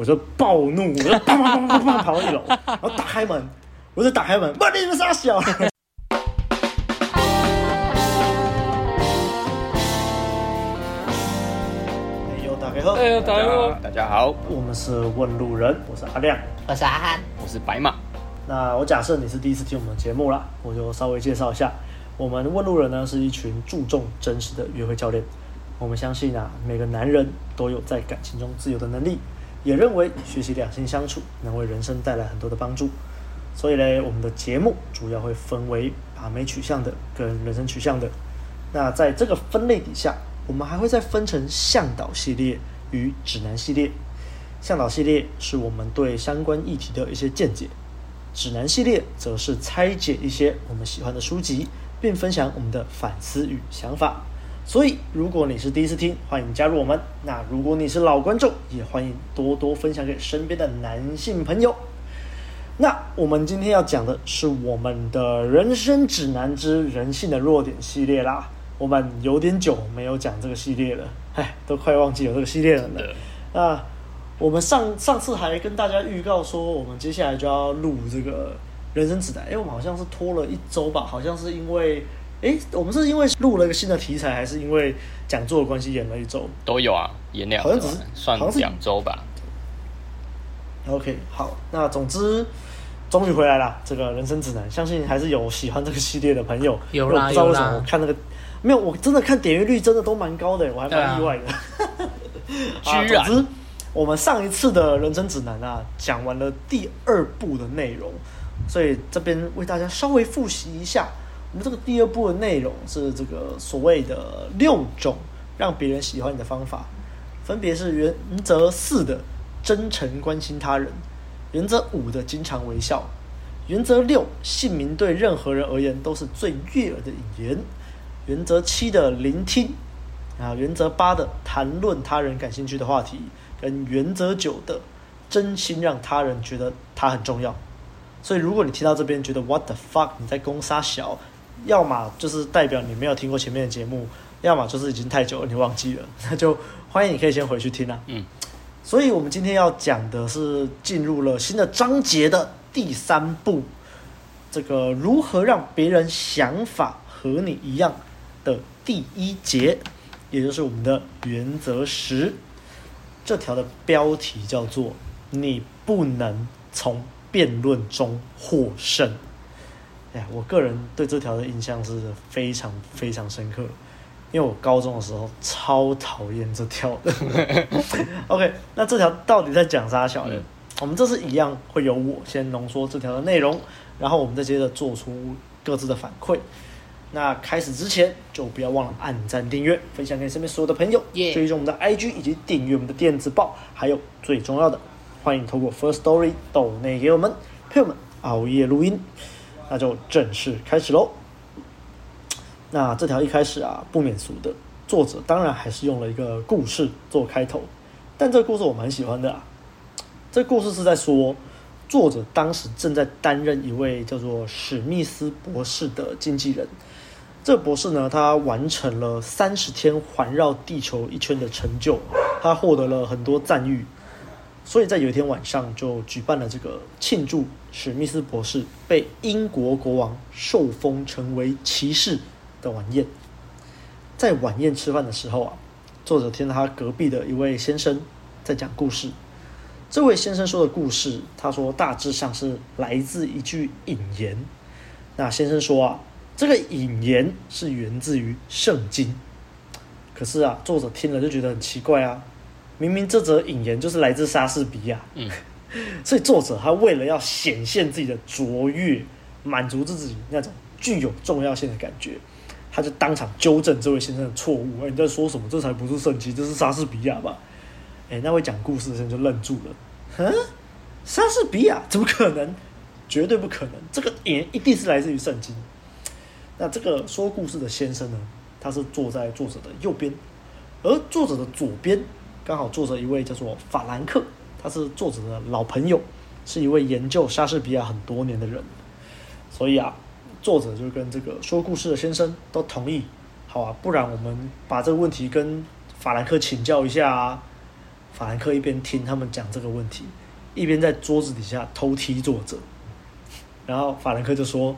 我就暴怒，我就砰砰砰砰砰跑到一樓， 然後打開門，我就打開門，把你們殺小了！哎呦，打開呵！哎呦，打開呵！大家好，我們是問路人，我是阿亮，我是阿漢，我是白馬。那我假設你是第一次聽我們的節目啦，我就稍微介紹一下，我們問路人呢是一群注重真實的約會教練，我們相信啊每個男人都有在感情中自由的能力。也認為學習兩性相處能為人生帶來很多的幫助，所以嘞，我們的節目主要會分為把美取向的跟人生取向的。那在這個分類底下，我們還會再分成向導系列與指南系列。向導系列是我們對相關議題的一些見解，指南系列則是拆解一些我們喜歡的書籍，並分享我們的反思與想法。所以，如果你是第一次聽，歡迎加入我們。那如果你是老觀眾，也歡迎多多分享給身邊的男性朋友。那我們今天要講的是我們的人生指南之人性的弱點系列啦。我們有點久沒有講這個系列了，唉，都快忘記有這個系列了呢。那我們上上次還跟大家預告說，我們接下來就要錄這個人生指南，哎，我們好像是拖了一周吧，好像是因為。哎、欸，我們是因為錄了一個新的題材，還是因為講座的關係演了一周？都有啊，演兩好像只是，像是算兩周吧。OK，好，那總之終於回來了。這個人生指南，相信還是有喜歡這個系列的朋友。有啦，因為我不知道為什麼我看那個有啦。沒有，我真的看點閱率真的都蠻高的，我還蠻意外的、啊 總之。居然，我們上一次的人生指南啊，講完了第二部的內容，所以這邊為大家稍微複習一下。那這個第二部的內容是這個所謂的六種讓別人喜歡你的方法，分別是原則四的真誠關心他人，原則五的經常微笑，原則六，姓名對任何人而言都是最悅耳的語言，原則七的聆聽，啊原則八的談論他人感興趣的話題，跟原則九的真心讓他人覺得他很重要。所以如果你聽到這邊覺得 What the fuck，你在攻殺小？要麼就是代表你沒有聽過前面的節目，要麼就是已經太久了，你忘記了，那就歡迎你可以先回去聽了啊。嗯，所以我們今天要講的是進入了新的章節的第三步，這個如何讓別人想法和你一樣的第一節，也就是我們的原則十，這條的標題叫做“你不能從辯論中獲勝”。哎，我個人對這條的印象是非常非常深刻，因為我高中的時候超討厭這條的。 OK，那這條到底在講啥？小人、嗯，我們這次一樣會由我先濃縮這條的內容，然後我們再接着做出各自的反饋。那開始之前，就不要忘了按讚、訂閱、分享給身邊所有的朋友，yeah. 追蹤我們的 IG，以及訂閱我們的電子報，還有最重要的，歡迎透過 Firstory 抖內給我們陪我們熬夜錄音。那就正式開始嘍。那這條一開始啊，不免俗的作者當然還是用了一個故事做開頭，但這個故事我蠻喜歡的啊。這個故事是在說，作者當時正在擔任一位叫做史密斯博士的經紀人。這個博士呢，他完成了三十天環繞地球一圈的成就，他獲得了很多讚譽，所以在有一天晚上就舉辦了這個慶祝史密斯博士被英國國王受封成為騎士的晚宴。在晚宴吃飯的時候啊，作者聽到他隔壁的一位先生在講故事。這位先生說的故事，他說大致上是來自一句引言。那先生說啊，這個引言是源自於聖經。可是啊，作者聽了就覺得很奇怪啊，明明這則引言就是來自莎士比亞。嗯所以作者他為了要顯現自己的卓越，滿足自己那種具有重要性的感覺，他就當場糾正這位先生的錯誤。哎，你在說什麼？這才不是聖經，這是莎士比亞吧？誒，那位講故事的人就愣住了。哼，莎士比亞怎麼可能？絕對不可能！這個也一定是來自於聖經。那這個說故事的先生呢？他是坐在作者的右邊，而作者的左邊剛好坐着一位叫做法蘭克。他是作者的老朋友，是一位研究莎士比亞很多年的人，所以啊，作者就跟這個說故事的先生都同意，好啊，不然我們把這個問題跟法蘭克請教一下啊。法蘭克一邊聽他們講這個問題，一邊在桌子底下偷踢作者。然後法蘭克就說：“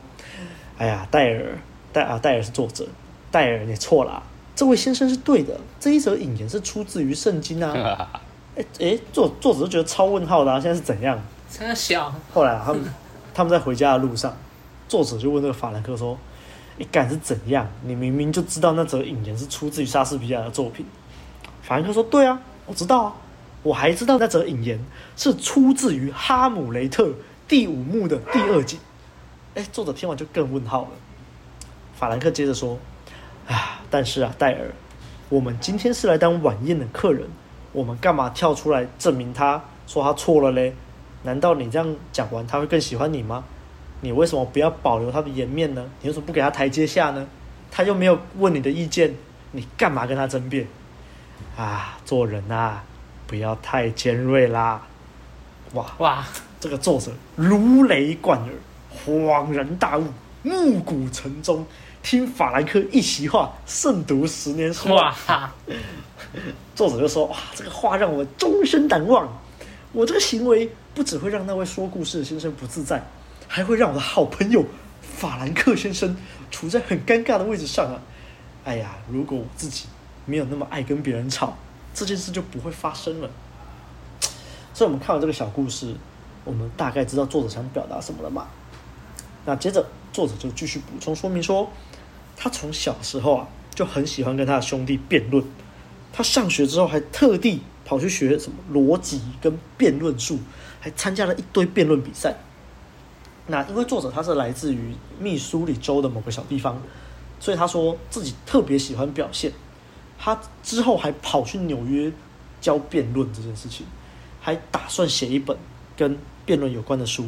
哎呀，戴爾，戴啊，戴爾是作者，戴爾你錯了，這位先生是對的，這一則引言是出自於聖經啊。 ”哎哎，作作者都覺得超問號的、啊，現在是怎樣？真的笑。後來、啊、他們他們在回家的路上， 作者就問那個法蘭克說：“你敢是怎樣？你明明就知道那則引言是出自於莎士比亞的作品。”法蘭克說：“對啊，我知道啊，我還知道那則引言是出自於《哈姆雷特》第五幕的第二集。”哎， 作者聽完就更問號了。法蘭克接着說：“啊，但是啊，戴爾，我們今天是來當晚宴的客人。”我們幹嘛跳出來證明他說他錯了嘞？難道你這樣講完他會更喜歡你嗎？你為什麼不要保留他的顏面呢？你為什麼不給他台階下呢？他又沒有問你的意見，你幹嘛跟他爭辯？啊，做人啊，不要太尖銳啦！哇哇，這個作者如雷貫耳，恍然大悟，暮鼓晨鐘。聽法蘭克一席話，勝讀十年書。哇哈！作者就說：“哇，這個話讓我終身難忘。我這個行為不只會讓那位說故事的先生不自在，還會讓我的好朋友法蘭克先生處在很尷尬的位置上啊！哎呀，如果我自己沒有那麼愛跟別人吵，這件事就不會發生了。”所以，我們看完這個小故事，我們大概知道作者想表達什麼了嘛？那接着，作者就繼續補充說明說，他從小時候啊就很喜歡跟他的兄弟辯論。他上學之後還特地跑去學什麼邏輯跟辯論術，還參加了一堆辯論比賽。那因為作者他是來自於密蘇里州的某個小地方，所以他說自己特別喜歡表現。他之後還跑去紐約教辯論這件事情，還打算寫一本跟辯論有關的書。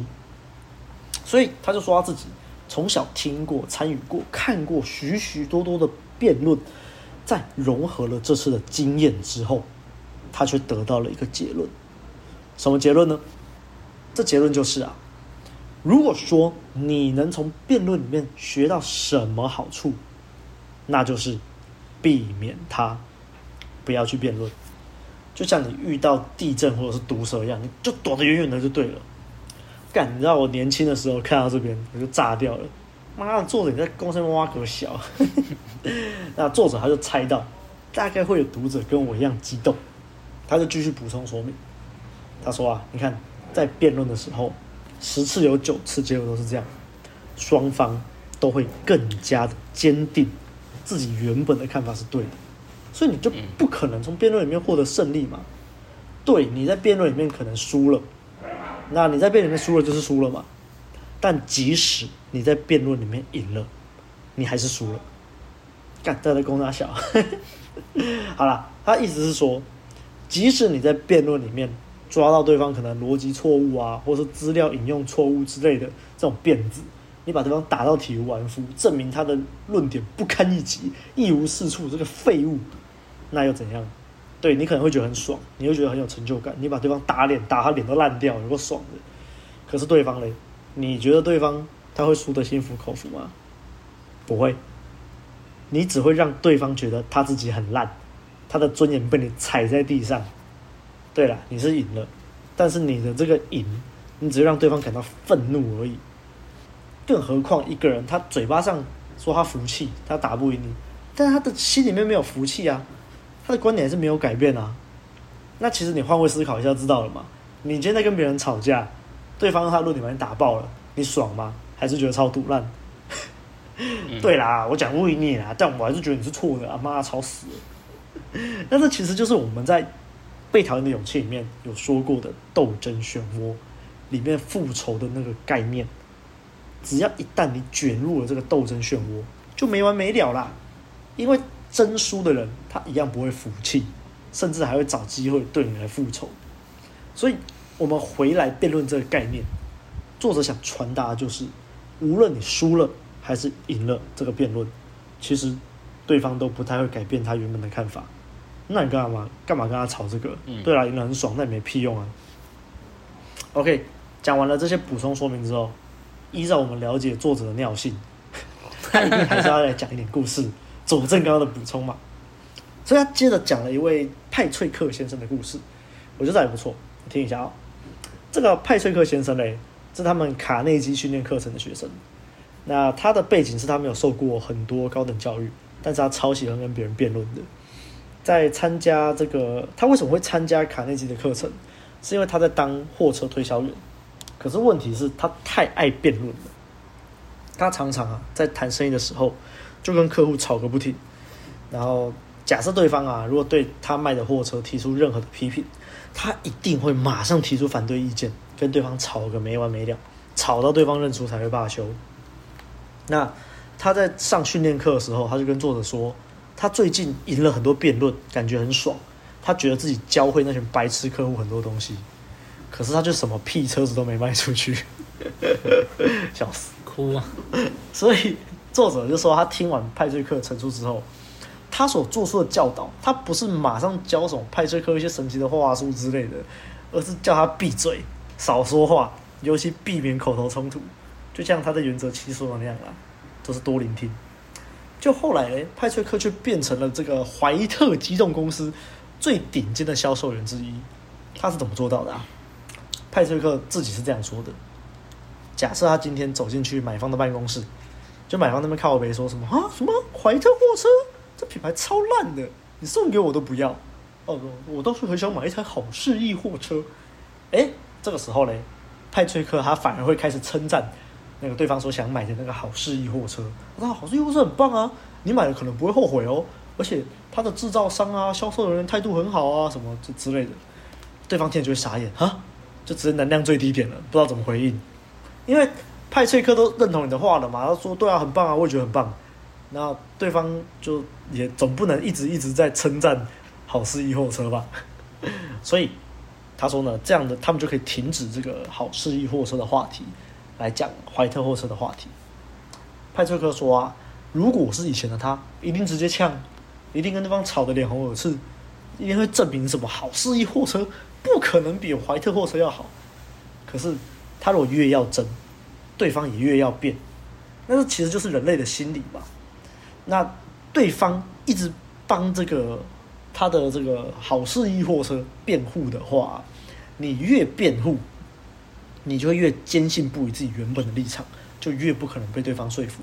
所以他就說他自己，從小聽過、參與過、看過許許多多的辯論，在融合了這次的經驗之後，他卻得到了一個結論。什麼結論呢？這結論就是啊，如果說你能從辯論裡面學到什麼好處，那就是避免他不要去辯論。就像你遇到地震或者是毒蛇一樣，你就躲得遠遠的就對了。你知道我年輕的時候看到這邊，我就炸掉了。媽的，作者你在公山挖狗小， 那作者他就猜到，大概會有讀者跟我一樣激動。他就繼續補充說明，他說啊，你看，在辯論的時候，十次有九次結果都是這樣，雙方都會更加的堅定自己原本的看法是對的，所以你就不可能從辯論裡面獲得勝利嘛。對，你在辯論裡面可能輸了。那你在辯論裡面輸了就是輸了嘛，但即使你在辯論裡面贏了，你還是輸了。幹在那功勞小， 好啦，他意思是說，即使你在辯論裡面抓到對方可能邏輯錯誤啊，或是資料引用錯誤之類的這種辮子，你把對方打到體無完膚，證明他的論點不堪一擊，一無是處，這個廢物，那又怎樣？對你可能會覺得很爽，你會覺得很有成就感，你把對方打臉，打他臉都爛掉，有夠爽的。可是對方嘞，你覺得對方他會輸得心服口服嗎？不會，你只會讓對方覺得他自己很爛，他的尊嚴被你踩在地上。對啦，你是贏了，但是你的這個贏，你只會讓對方感到憤怒而已。更何況一個人，他嘴巴上說他服氣，他打不贏你，但他的心裡面沒有服氣啊。他的觀點還是沒有改變啊，那其實你換位思考一下，就知道了嘛。你現在跟別人吵架，對方他論點打爆了，你爽嗎？還是覺得超賭爛？嗯、 對啦，我講不贏你啊，但我還是覺得你是錯的啊，媽啊，媽吵死。 那這其實就是我們在《被討厭的勇氣》裡面有說過的鬥爭漩渦裡面復仇的那個概念。只要一旦你捲入了這個鬥爭漩渦，就沒完沒了啦，因為真輸的人。他一樣不會服氣，甚至還會找機會對你來復仇。所以，我們回來辯論這個概念，作者想傳達的就是，無論你輸了還是贏了這個辯論，其實對方都不太會改變他原本的看法。那你幹嘛幹嘛跟他吵這個？嗯、對啊，贏得很爽，那也沒屁用啊。OK，講完了這些補充說明之後，依照我們了解作者的尿性，他一定還是要來講一點故事，佐證剛剛的補充嘛。所以他接着講了一位派翠克先生的故事，我覺得這還不錯，我聽一下啊、哦。這個派翠克先生嘞，是他們卡內基訓練課程的學生。那他的背景是，他沒有受過很多高等教育，但是他超喜歡跟別人辯論的。在參加這個，他為什麼會參加卡內基的課程？是因為他在當貨車推銷員。可是問題是他太愛辯論了，他常常啊，在談生意的時候就跟客戶吵個不停，然後。假設對方啊，如果對他賣的貨車提出任何的批評，他一定會馬上提出反對意見，跟對方吵個沒完沒了，吵到對方認輸才會罷休。那他在上訓練課的時候，他就跟作者說，他最近贏了很多辯論，感覺很爽，他覺得自己教會那群白痴客戶很多東西，可是他就什麼屁車子都沒賣出去，笑小死，哭啊！所以作者就說，他聽完派翠克的陳述之後。他所做出的教導，他不是馬上教什麼派翠克一些神奇的話術之類的，而是叫他閉嘴，少說話，尤其避免口頭衝突。就像他的原則七說的那樣啊，都是多聆聽。就後來、欸、派翠克就變成了這個懷特機動公司最頂尖的銷售員之一，他是怎麼做到的啊？派翠克自己是這樣說的：假設他今天走進去買方的辦公室，就買方那邊靠北說什麼啊？什麼懷特貨車？這品牌超爛的，你送給我都不要。哦，我倒是很想買一台好仕意貨車。哎，這個時候嘞，派翠克他反而會開始稱讚那個對方所想買的那個好仕意貨車。我、啊、說好仕意貨車很棒啊，你買了可能不會後悔哦。而且他的製造商啊，銷售人員態度很好啊，什麼之類的。對方聽了就會傻眼啊，就直接能量最低點了，不知道怎麼回應。因為派翠克都認同你的話了嘛，他說對啊，很棒啊，我也覺得很棒。那對方就也總不能一直一直在稱讚好適意貨車吧，所以他說呢，這樣的他們就可以停止這個好適意貨車的話題，來講懷特貨車的話題。派出克說啊，如果是以前的他，一定直接嗆，一定跟對方吵得臉紅耳赤，一定會證明什麼好適意貨車不可能比懷特貨車要好。可是他如果越要爭，對方也越要變，那這其實就是人類的心理吧。那對方一直幫這個他的這個好事易貨車辯護的話，你越辯護，你就會越堅信不疑自己原本的立場，就越不可能被對方說服。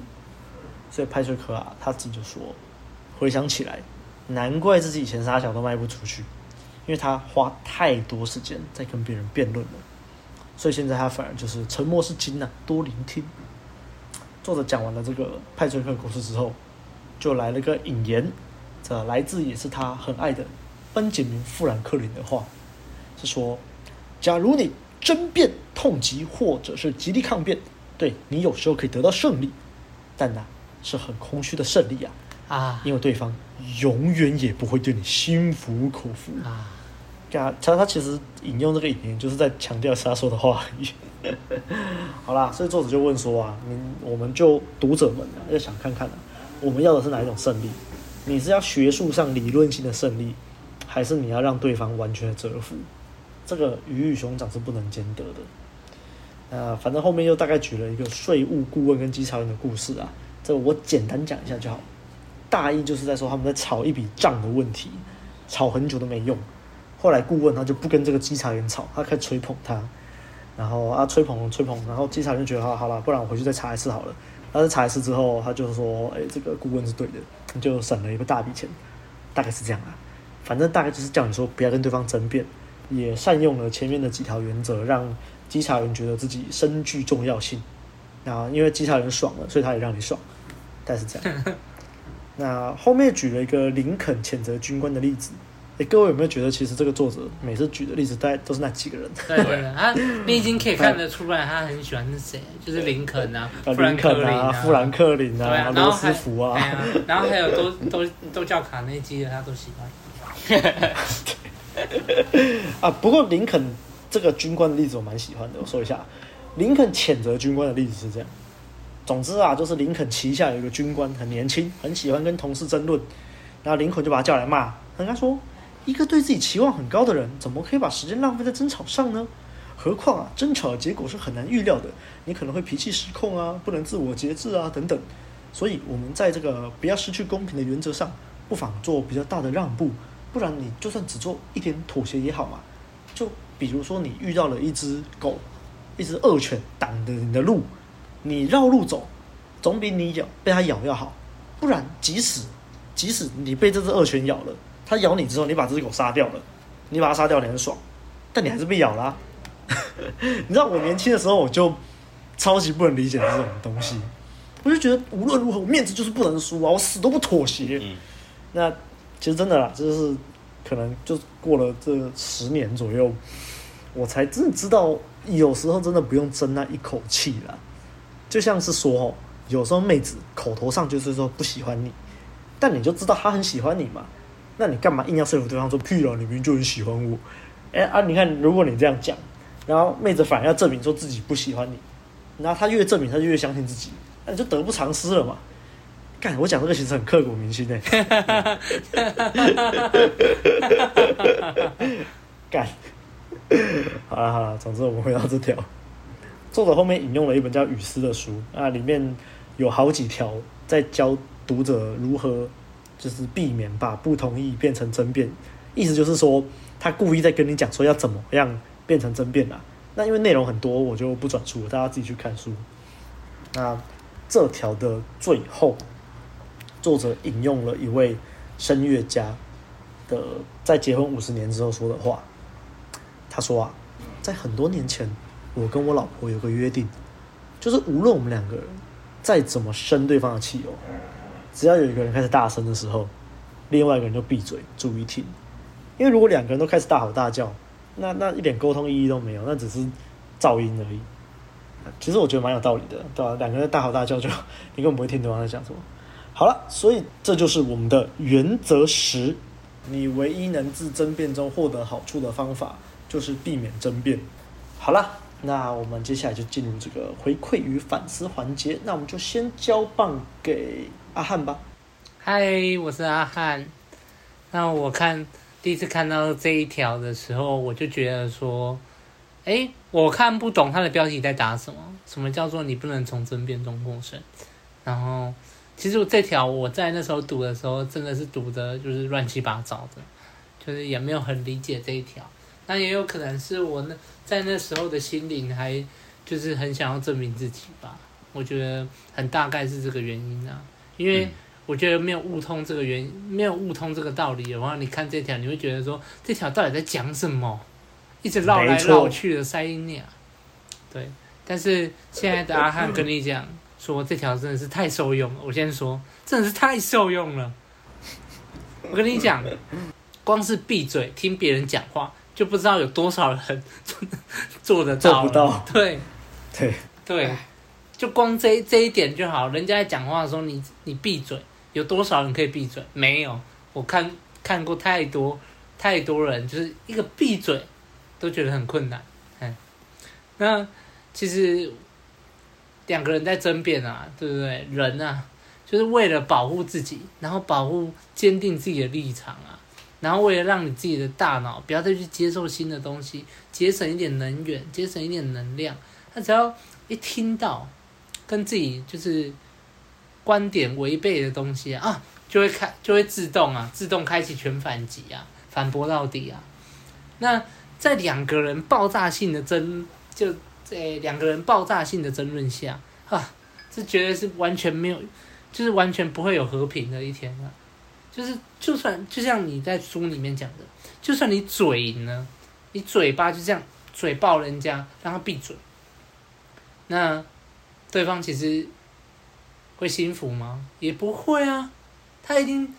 所以派崔克啊，他自己就說，回想起來，難怪自己以前啥小都賣不出去，因為他花太多時間在跟別人辯論了。所以現在他反而就是沉默是金吶、啊，多聆聽。作者講完了這個派崔克故事之後。就來了個引言，這來自也是他很愛的班傑明富蘭克林的話，是說：假如你爭辯、痛擊，或者是極力抗辯，對你有時候可以得到勝利，但那、啊、是很空虛的勝利啊！啊，因為對方永遠也不會對你心服口服啊，啊！他他其實引用這個引言，就是在強調他說的話。 好啦，所以作者就問說啊，我們就讀者們、啊、要想看看、啊。我們要的是哪一種勝利？你是要學術上理論性的勝利，還是你要讓對方完全折服？這個魚與熊掌是不能兼得的。呃，反正後面又大概舉了一個稅務顧問跟稽查員的故事啊，這個我簡單講一下就好。大意就是在說他們在吵一筆賬的問題，吵很久都沒用。後來顧問他就不跟這個稽查員吵，他開始吹捧他，然後啊吹捧吹捧，然後稽查員就覺得好好啦，不然我回去再查一次好了。他是查一次之後，他就說：“誒、欸，這個顧問是對的，就省了一個大筆錢，大概是這樣啊。反正大概就是叫你說不要跟對方爭辯，也善用了前面的幾條原則，讓稽查人，覺得自己身具重要性。那因為稽查人爽了，所以他也讓你爽，大概是這樣。那後面舉了一個林肯譴責軍官的例子。”哎、欸，各位有沒有覺得，其實這個作者每次舉的例子，大概都是那幾個人？對對對、啊、你已經可以看得出來，他很喜歡誰，就是林肯啊，林肯啊，富蘭克林啊，羅、啊啊啊、斯福啊，然後還,、啊、然後還有都 都都、都叫卡內基的，他都喜歡。 啊，不過林肯這個軍官的例子我蠻喜歡的，我說一下，林肯譴責軍官的例子是這樣：總之啊，就是林肯旗下有一個軍官，很年輕，很喜歡跟同事爭論，然後林肯就把他叫來罵，他跟他說。一個對自己期望很高的人，怎麼可以把時間浪費在爭吵上呢？何況啊，爭吵的結果是很難預料的，你可能會脾氣失控啊，不能自我節制啊，等等。所以，我們在這個不要失去公平的原則上，不妨做比較大的讓步，不然你就算只做一點妥協也好嘛。就比如說，你遇到了一隻狗，一隻惡犬擋着你的路，你繞路走，總比你咬被它咬要好。不然，即使即使你被這隻惡犬咬了。他咬你之後，你把這隻狗殺掉了，你把它殺掉，你很爽，但你還是被咬了、啊。 你知道，我年輕的時候我就超級不能理解這種東西，我就覺得無論如何，我面子就是不能輸啊，我死都不妥協、嗯。那其實真的啦，就是可能就過了這十年左右，我才真的知道，有時候真的不用爭那一口氣啦。就像是說，有時候妹子口頭上就是說不喜歡你，但你就知道她很喜歡你嘛。那你幹嘛硬要說服對方說屁了？你明明就很喜歡我。哎、欸、啊，你看，如果你這樣講，然後妹子反而要證明說自己不喜歡你，然後她越證明，她就越相信自己，那、啊、就得不償失了嘛。幹，我講這個其實很刻骨銘心哎、欸。幹 好了好了，總之我們回到這條。作者後面引用了一本叫《雨絲》的書，啊，裡面有好幾條在教讀者如何。就是避免把不同意變成爭辯，意思就是說他故意在跟你講說要怎麼樣變成爭辯啦。那因為內容很多，我就不轉述，大家自己去看書。那這條的最後，作者引用了一位聲樂家的在結婚五十年之後說的話，他說啊，在很多年前，我跟我老婆有個約定，就是無論我們兩個人再怎麼生對方的氣哦。只要有一個人開始大聲的時候，另外一個人就閉嘴，注意聽。因為如果兩個人都開始大吼大叫，那那一點溝通意義都沒有，那只是噪音而已。其實我覺得蠻有道理的，對吧、啊？兩個人大吼大叫就，就你根本不會聽對方在講什麼。好了，所以這就是我們的原則十。你唯一能自爭辯中獲得好處的方法，就是避免爭辯。好了，那我們接下來就進入這個回饋與反思環節。那我們就先交棒給。阿翰吧，嗨，我是阿翰。那我看第一次看到這一條的時候，我就覺得說，哎、欸，我看不懂他的標題在打什麼？什麼叫做你不能從爭辯中獲勝？然後，其實這條我在那時候讀的時候，真的是讀的就是亂七八糟的，就是也沒有很理解這一條。那也有可能是我那在那時候的心靈還就是很想要證明自己吧，我覺得很大概是這個原因啊。因為我覺得沒有悟通這個原因，嗯、沒有悟通這個道理的話，你看這條，你會覺得說，這條到底在講什麼？一直繞來繞去的塞因尼啊。對，但是現在的阿漢跟你講說，這條真的是太受用了。我先說，真的是太受用了。我跟你講，光是閉嘴聽別人講話，就不知道有多少人呵呵做得到，做不到。對，對，對。就光這這一點就好。人家在講話的時候，你你閉嘴，有多少人可以閉嘴？沒有，我看看過太多太多人，就是一個閉嘴都覺得很困難。嗯，那其實兩個人在爭辯啊，對不對？人啊，就是為了保護自己，然後保護堅定自己的立場啊，然後為了讓你自己的大腦不要再去接受新的東西，節省一點能源，節省一點能量。他只要一聽到。跟自己就是觀點違背的東西啊，啊就會開就會自動啊，自動開啟全反擊啊，反駁到底啊。那在兩個人爆炸性的爭，就誒、哎、兩個人爆炸性的爭論下啊，這絕對是完全沒有，就是完全不會有和平的一天啊。就是就算就像你在書裡面講的，就算你嘴呢，你嘴巴就這樣嘴爆人家，讓他閉嘴，那。對方其實會心服嗎？也不會啊。他已經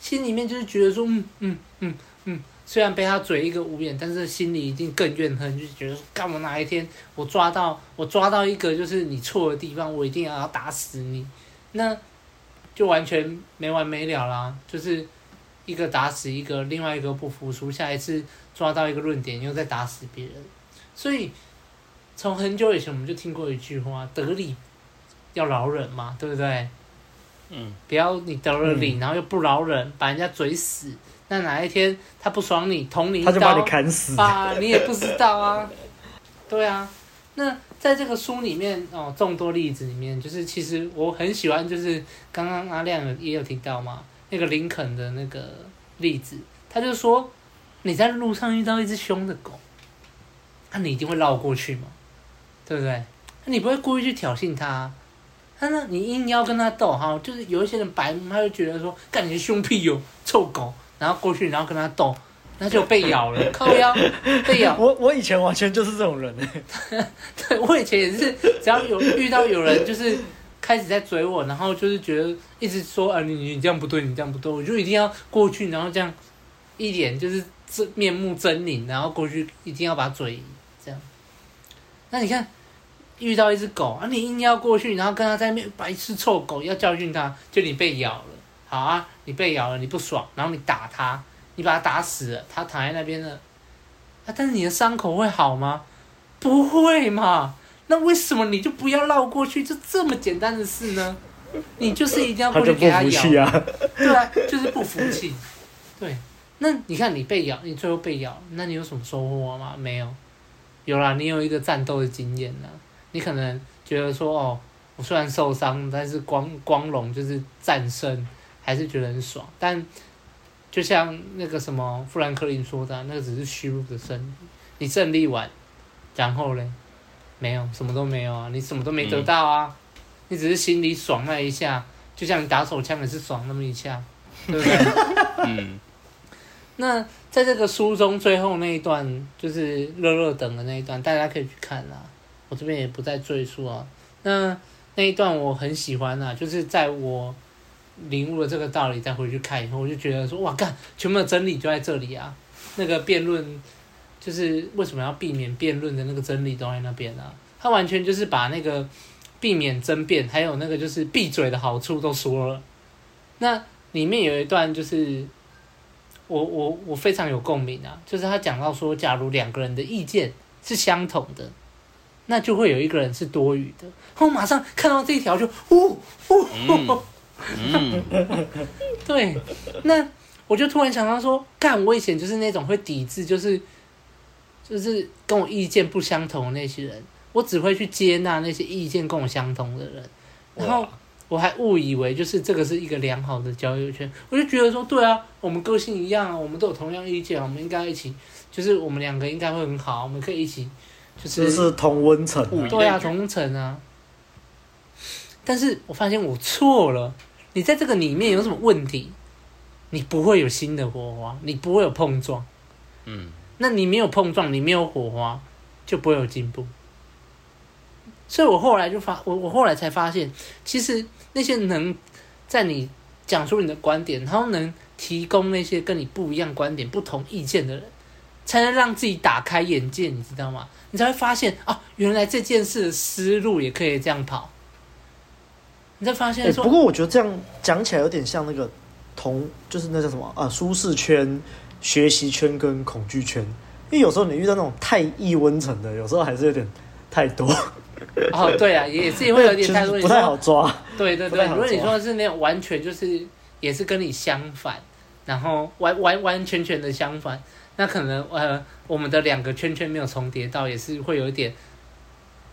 心裡面就是覺得說，嗯嗯嗯嗯，雖然被他嘴一個無言，但是心裡一定更怨恨，就覺得，幹嘛？哪一天我抓到我抓到一個就是你錯的地方，我一定要要打死你，那就完全沒完沒了啦，就是一個打死一個，另外一個不服輸，下一次抓到一個論點又再打死別人，所以。從很久以前我們就聽過一句話：“得理要饒人嘛，對不對？”嗯，不要你得了理，嗯、然後又不饒人，把人家嘴死。那哪一天他不爽你，捅你一刀啊，你也不知道啊。 對啊，那在這個書裡面哦，眾多例子裡面，就是其實我很喜歡，就是剛剛阿亮也有提到嘛，那個林肯的那個例子，他就說，你在路上遇到一隻凶的狗，那你一定會繞過去嗎？對不對？你不會故意去挑釁他、啊，他呢？你硬要跟他鬥哈，就是有一些人白目，他就覺得說，幹你兇屁哦，臭狗，然後過去，然後跟他鬥，那就被咬了，靠腰被咬。我我以前完全就是這種人呢， 對，我以前也是，只要有遇到有人就是開始在追我，然後就是覺得一直說啊，你你你這樣不對，你這樣不對，我就一定要過去，然後這樣一臉就是真面目猙獰，然後過去一定要把嘴這樣。那你看。遇到一隻狗啊，你硬要過去，然後跟它在那邊白痴臭狗，要教訓它，就你被咬了，好啊，你被咬了你不爽，然後你打它，你把它打死了，它躺在那邊了。啊，但是你的傷口會好嗎？不會嘛。那為什麼你就不要繞過去？就這麼簡單的事呢？你就是一定要過去給它咬，對啊，就是不服氣，對，那你看你被咬，你最後被咬，那你有什麼收穫嗎？沒有，有啦，你有一個戰鬥的經驗呢。你可能覺得說，哦，我雖然受傷，但是光光榮就是戰勝，還是覺得很爽。但就像那個什麼富蘭克林說的，那個、只是虛無的勝利，你勝利完，然後嘞，沒有什麼都沒有啊，你什麼都沒得到啊，嗯、你只是心裡爽那一下，就像你打手槍也是爽那麼一下，對不對？ 嗯。那在這個書中最後那一段，就是熱熱等的那一段，大家可以去看啊。我這邊也不再贅述啊，那那一段我很喜歡啊，就是在我領悟了這個道理再回去看以後，我就覺得說哇，幹，全部的真理就在這裡啊！那個辯論就是為什麼要避免辯論的那個真理都在那邊啊。他完全就是把那個避免爭辯還有那個就是閉嘴的好處都說了。那裡面有一段就是我我我非常有共鳴啊，就是他講到說，假如兩個人的意見是相同的。那就會有一個人是多餘的。然後我馬上看到這一條就嗚嗚，呼呼嗯嗯、 對，那我就突然想到說，幹！我以前就是那種會抵制，就是就是跟我意見不相同的那些人，我只會去接納那些意見跟我相同的人。然後我還誤以為就是這個是一個良好的交友圈，我就覺得說，對啊，我們個性一樣啊，我們都有同樣意見，我們應該一起，就是我們兩個應該會很好，我們可以一起。就是，是同溫層、啊，對啊，同層啊。但是我發現我錯了，你在這個裡面有什麼問題？你不會有新的火花，你不會有碰撞。嗯，那你沒有碰撞，你沒有火花，就不會有進步。所以我後來就發，我我後來才發現，其實那些能在你講出你的觀點，然後能提供那些跟你不一樣觀點、不同意見的人，才能讓自己打開眼界，你知道嗎？你才會發現哦、啊，原來這件事的思路也可以這樣跑。你才發現說，欸、不過我覺得這樣講起來有點像那個同，就是那叫什麼啊，舒適圈、學習圈跟恐懼圈。因為有時候你遇到那種太易溫層的，有時候還是有點太多。哦，對啊，也是因為有點太多不太，不太好抓。對對對，如果你說的是那種完全就是也是跟你相反，然後完完完，完全全的相反。那可能呃，我們的兩個圈圈沒有重疊到，也是會有一點，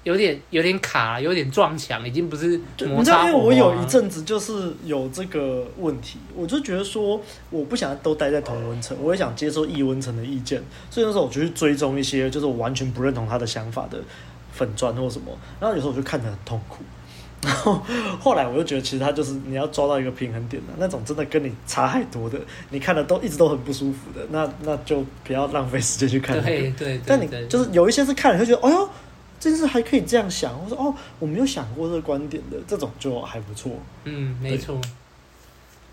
有點有點卡，有點撞牆，已經不是摩擦。你知道，因為我有一陣子就是有這個問題，我就覺得說我不想都待在同溫層，Oh. 我也想接受異溫層的意見，所以那時候我就去追蹤一些就是我完全不認同他的想法的粉專或什麼，然後有時候我就看得很痛苦。然 後後來我就覺得，其實他就是你要抓到一個平衡點的、啊，那種真的跟你差太多的，你看的都一直都很不舒服的，那那就不要浪費時間去看、那個。對對，對，對。但你就是有一些是看了就覺得，哎呦，這件事還可以這樣想，我說哦，我沒有想過這個觀點的，這種就還不錯。嗯，沒錯。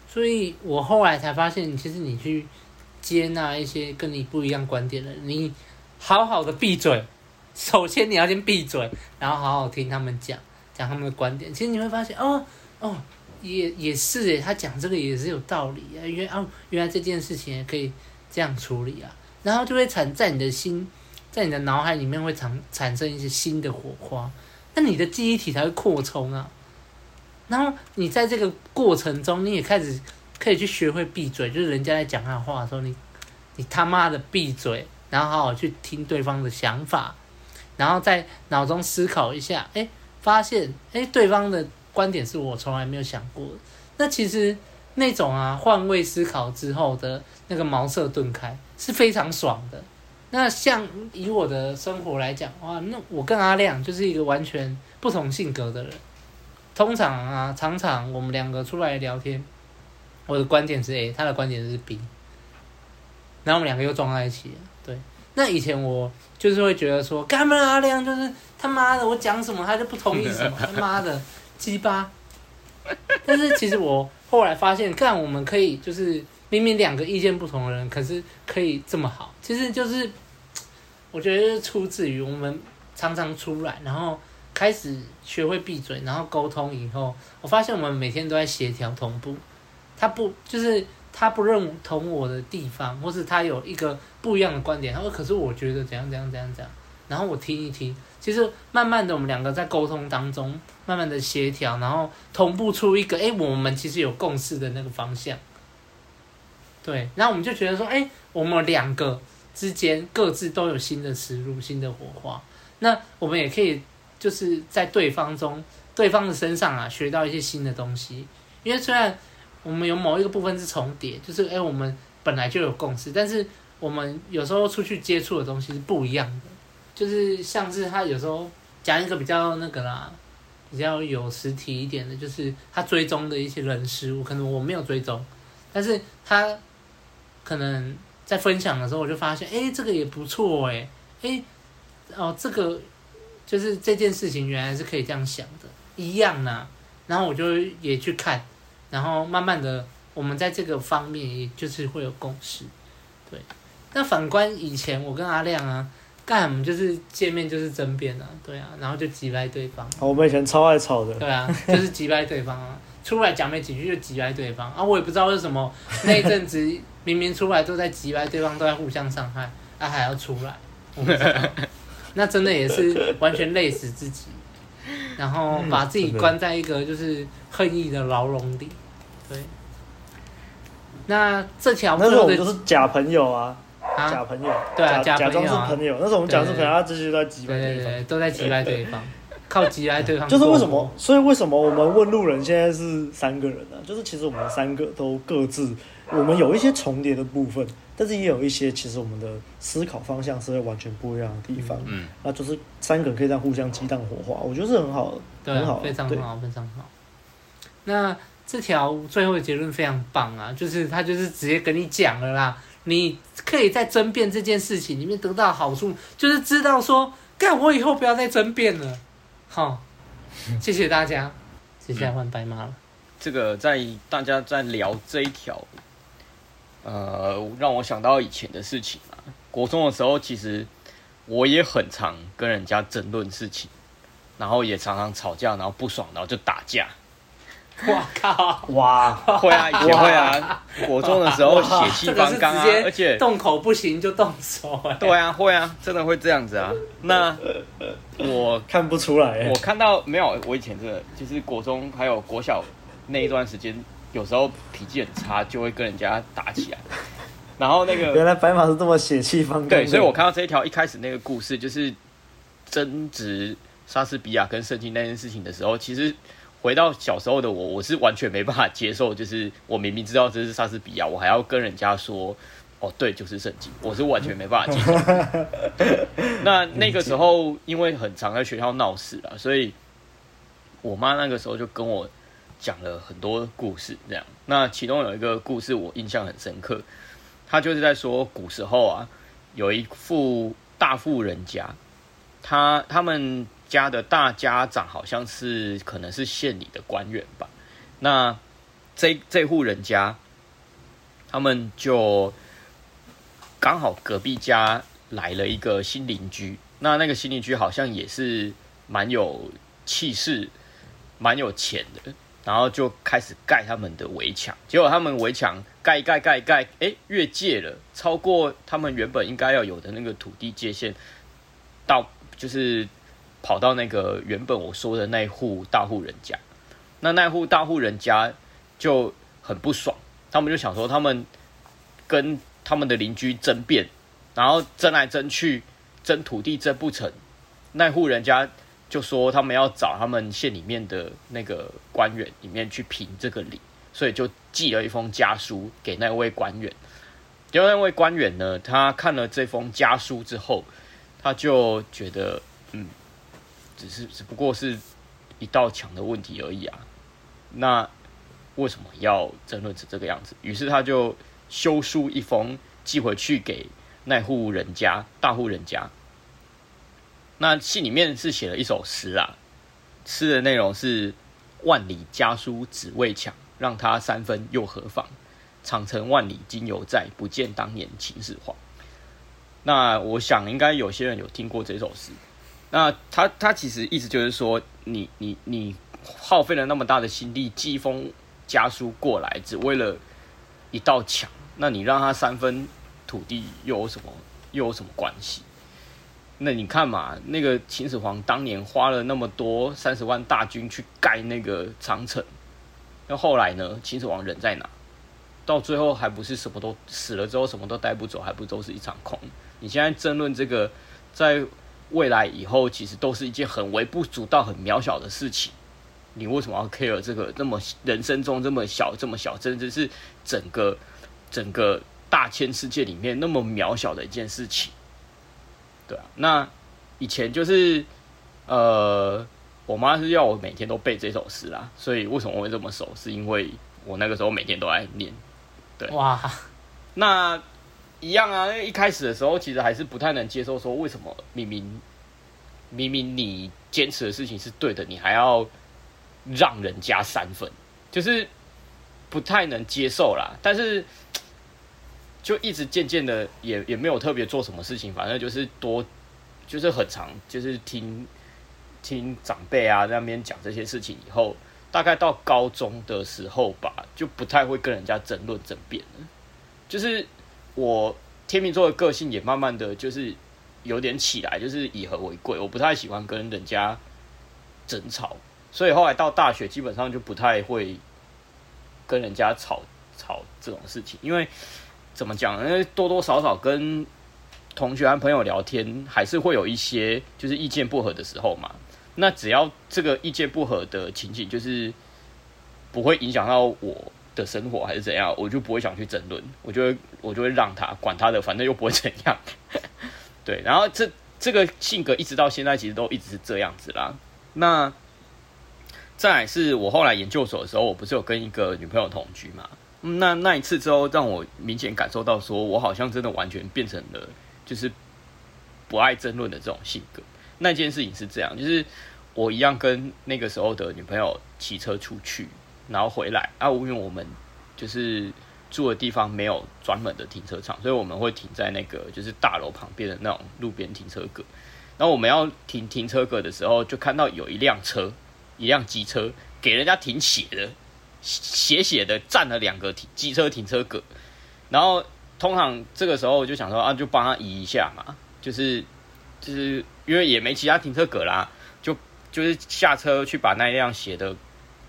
所以我後來才發現，其實你去接納一些跟你不一樣觀點的，你好好的閉嘴，首先你要先閉嘴，然後好好聽他們講。講他們的觀點，其實你會發現哦哦，也也是誒，他講這個也是有道理啊、原、哦，原來這件事情也可以這樣處理啊，然後就會產在你的心，在你的腦海裡面會產產生一些新的火花，那你的記憶體才會擴充啊。然後你在這個過程中，你也開始可以去學會閉嘴，就是人家在講他的話的時候，你你他媽的閉嘴，然後好好去聽對方的想法，然後在腦中思考一下，誒。發現，哎、欸，對方的觀點是我從來沒有想過的。那其實那種啊，換位思考之後的那個茅塞頓開是非常爽的。那像以我的生活來講，哇，那我跟阿亮就是一個完全不同性格的人。通常啊，常常我們兩個出來聊天，我的觀點是 A，欸，他的觀點是 B，然後我們兩個又撞在一起了。那以前我就是會覺得說，幹嗎阿亮，就是他媽的，我講什麼他就不同意什麼，他媽的雞巴。但是其實我後來發現，幹，我們可以就是明明兩個意見不同的人，可是可以這麼好。其實就是我覺得出自於我們常常出來，然後開始學會閉嘴，然後溝通以後，我發現我們每天都在協調同步。他不就是。他不認同我的地方，或是他有一個不一樣的觀點，他說：“可是我覺得怎樣怎樣怎樣怎樣。”然後我聽一聽，其實慢慢的我們兩個在溝通當中，慢慢的協調，然後同步出一個，哎、欸，我們其實有共識的那個方向。對，然後我們就覺得說，哎、欸，我們兩個之間各自都有新的思路、新的火花。那我們也可以就是在對方中、對方的身上啊，學到一些新的東西，因為雖然。我們有某一個部分是重疊，就是哎、欸，我們本來就有共識，但是我們有時候出去接觸的東西是不一樣的。就是像是他有時候講一個比較那個啦，比較有實體一點的，就是他追蹤的一些人事物，可能我沒有追蹤，但是他可能在分享的時候，我就發現，哎、欸，這個也不錯、欸，哎，哎，哦，這個就是這件事情原來是可以這樣想的，一樣啊。然後我就也去看。然後慢慢的，我們在這個方面也就是會有共識，對。那反觀以前，我跟阿亮啊，幹什麼就是見面就是爭辯啊，對啊，然後就擊敗對方。我們以前超愛吵的。對啊，就是擊敗對方啊， 出來講沒幾句就擊敗對方啊。我也不知道為什麼那一陣子明明出來都在擊敗對方，都在互相傷害，啊還要出來， 那真的也是完全累死自己。然後把自己關在一個就是恨意的牢籠裡，對、嗯對對，對。那這條，那時候我們都是假朋友啊，啊，假朋友，對、啊假假友啊，假裝是朋、朋友。那時候我們假裝是朋友，其實都在擠兌對方，對對對，都在擠兌對方，靠擠兌對方。就是為什麼？所以為什麼我們問路人現在是三個人呢？啊？就是其實我們三個都各自，我們有一些重疊的部分。但是也有一些，其實我們的思考方向是會完全不一樣的地方。嗯，那、嗯啊、就是三個人可以這樣互相激盪火花、嗯，我覺得是很好的對，很好，很好，非常好，非常好。那這條最後的結論非常棒啊，就是他就是直接跟你講了啦，你可以在爭辯這件事情裡面得到好處，就是知道說，幹我以後不要再爭辯了。好，謝謝大家。嗯、接下來換白馬了。這個在大家在聊這一條。呃，讓我想到以前的事情啊。國中的時候，其實我也很常跟人家爭論事情，然後也常常吵架，然後不爽，然後就打架。哇靠！哇，會啊，以前會啊。國中的時候，血氣方剛啊，而且動口不行就動手欸。對啊，會啊，真的會這樣子啊。那我看不出來，我看到沒有？我以前真的，就是國中還有國小那一段時間。有時候脾氣很差，就會跟人家打起來。然後那個原來白馬是這麼血氣方剛。對，所以我看到這一條一開始那個故事，就是爭執莎士比亞跟聖經那件事情的時候，其實回到小時候的我，我是完全沒辦法接受，就是我明明知道這是莎士比亞，我還要跟人家說，哦，對，就是聖經，我是完全沒辦法接受。那那個時候因為很常在學校鬧事了，所以我媽那個時候就跟我。講了很多故事，這樣。那其中有一個故事我印象很深刻，他就是在說古時候啊，有一戶大戶人家，他他們家的大家長好像是可能是縣裡的官員吧。那這這戶人家，他們就剛好隔壁家來了一個新鄰居，那那個新鄰居好像也是蠻有氣勢、蠻有錢的。然後就開始蓋他們的圍牆，結果他們圍牆蓋一蓋蓋一蓋，誒，越界了，超過他們原本應該要有的那個土地界線，到就是跑到那個原本我說的那戶大戶人家，那那戶大戶人家就很不爽，他們就想說他們跟他們的鄰居爭辯，然後爭來爭去，爭土地爭不成，那戶人家。就說他們要找他們縣裡面的那個官員裡面去評這個理，所以就寄了一封家書給那位官員。然後那位官員呢，他看了這封家書之後，他就覺得，嗯，只是只不過是一道牆的問題而已啊。那為什麼要爭論成這個樣子？於是他就修書一封寄回去給那戶人家，大戶人家。那信裡面是寫了一首詩啊，詩的內容是“萬里家書只為牆，讓他三分又何妨？長城萬里今猶在，不見當年秦始皇。”那我想，應該有些人有聽過這首詩。那他他其實意思就是說，你你你耗費了那麼大的心力寄封家書過來，只為了，一道牆，那你讓他三分土地又有什麼又有什麼關係？那你看嘛，那個秦始皇當年花了那麼多三十萬大軍去蓋那個長城，那後來呢？秦始皇人在哪？到最後還不是什麼都死了之後什麼都帶不走，還不是都是一場空？你現在爭論這個，在未來以後，其實都是一件很微不足道、很渺小的事情。你為什麼要 care 這個？那麼人生中這麼小、這麼小，甚至是整個整個大千世界裡面那麼渺小的一件事情？對啊，那以前就是呃，我媽是要我每天都背這首詩啦，所以為什麼我會這麼熟？是因為我那個時候每天都愛念。對，哇，那一樣啊，因為一開始的時候其實還是不太能接受，說為什麼明明明明你堅持的事情是對的，你還要讓人家三分，就是不太能接受啦。但是。就一直漸漸的也也沒有特別做什麼事情，反正就是多就是很常，就是聽聽長輩啊那邊講這些事情以後，大概到高中的時候吧，就不太會跟人家爭論爭辯了。就是我天秤座的個性也慢慢的就是有點起來，就是以和為貴，我不太喜歡跟人家爭吵，所以後來到大學基本上就不太會跟人家吵吵這種事情，因為。怎麼講呢？因為多多少少跟同學和朋友聊天，還是會有一些就是意見不合的時候嘛。那只要這個意見不合的情景，就是不會影響到我的生活還是怎樣，我就不會想去爭論。我就會、我就會讓他管他的，反正又不會怎樣。 對，然後這這個性格一直到現在，其實都一直是這樣子啦。那再來是我後來研究所的時候，我不是有跟一個女朋友同居嘛。嗯、那那一次之後，讓我明顯感受到說，說我好像真的完全變成了就是不愛爭論的這種性格。那一件事情是這樣，就是我一樣跟那個時候的女朋友騎車出去，然後回來啊，因為我們就是住的地方沒有專門的停車場，所以我們會停在那個就是大樓旁邊的那種路邊停車格。然後我們要停停車格的時候，就看到有一輛車，一輛機車給人家停斜了。斜斜的佔了兩個停機車停車格，然後通常這個時候我就想說啊，就幫他移一下嘛，就是就是因為也沒其他停車格啦，就就是下車去把那輛斜的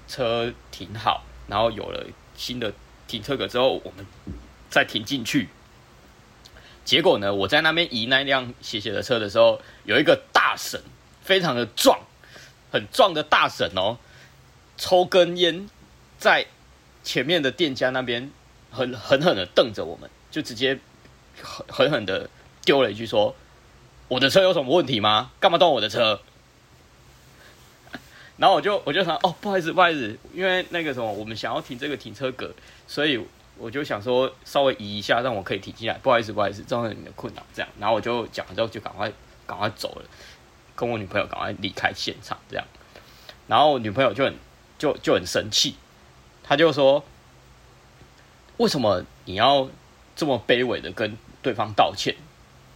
車停好，然後有了新的停車格之後，我們再停進去。結果呢，我在那邊移那輛斜斜的車的時候，有一個大神，非常的壯，很壯的大神哦，抽根煙。在前面的店家那邊很，很狠狠的瞪着我們，就直接狠狠狠的丟了一句說：“我的車有什麼問題嗎？幹嘛動我的車？” 然後我就我就想哦，不好意思，不好意思，因為那個什麼，我們想要停這個停車格，所以我就想說稍微移一下，讓我可以停進來。不好意思，不好意思，造成你的困擾，這樣。然後我就講完之後就趕快趕快走了，跟我女朋友趕快離開現場，這樣。然後女朋友就很就就很生氣。他就說：“為什麼你要這麼卑微的跟對方道歉？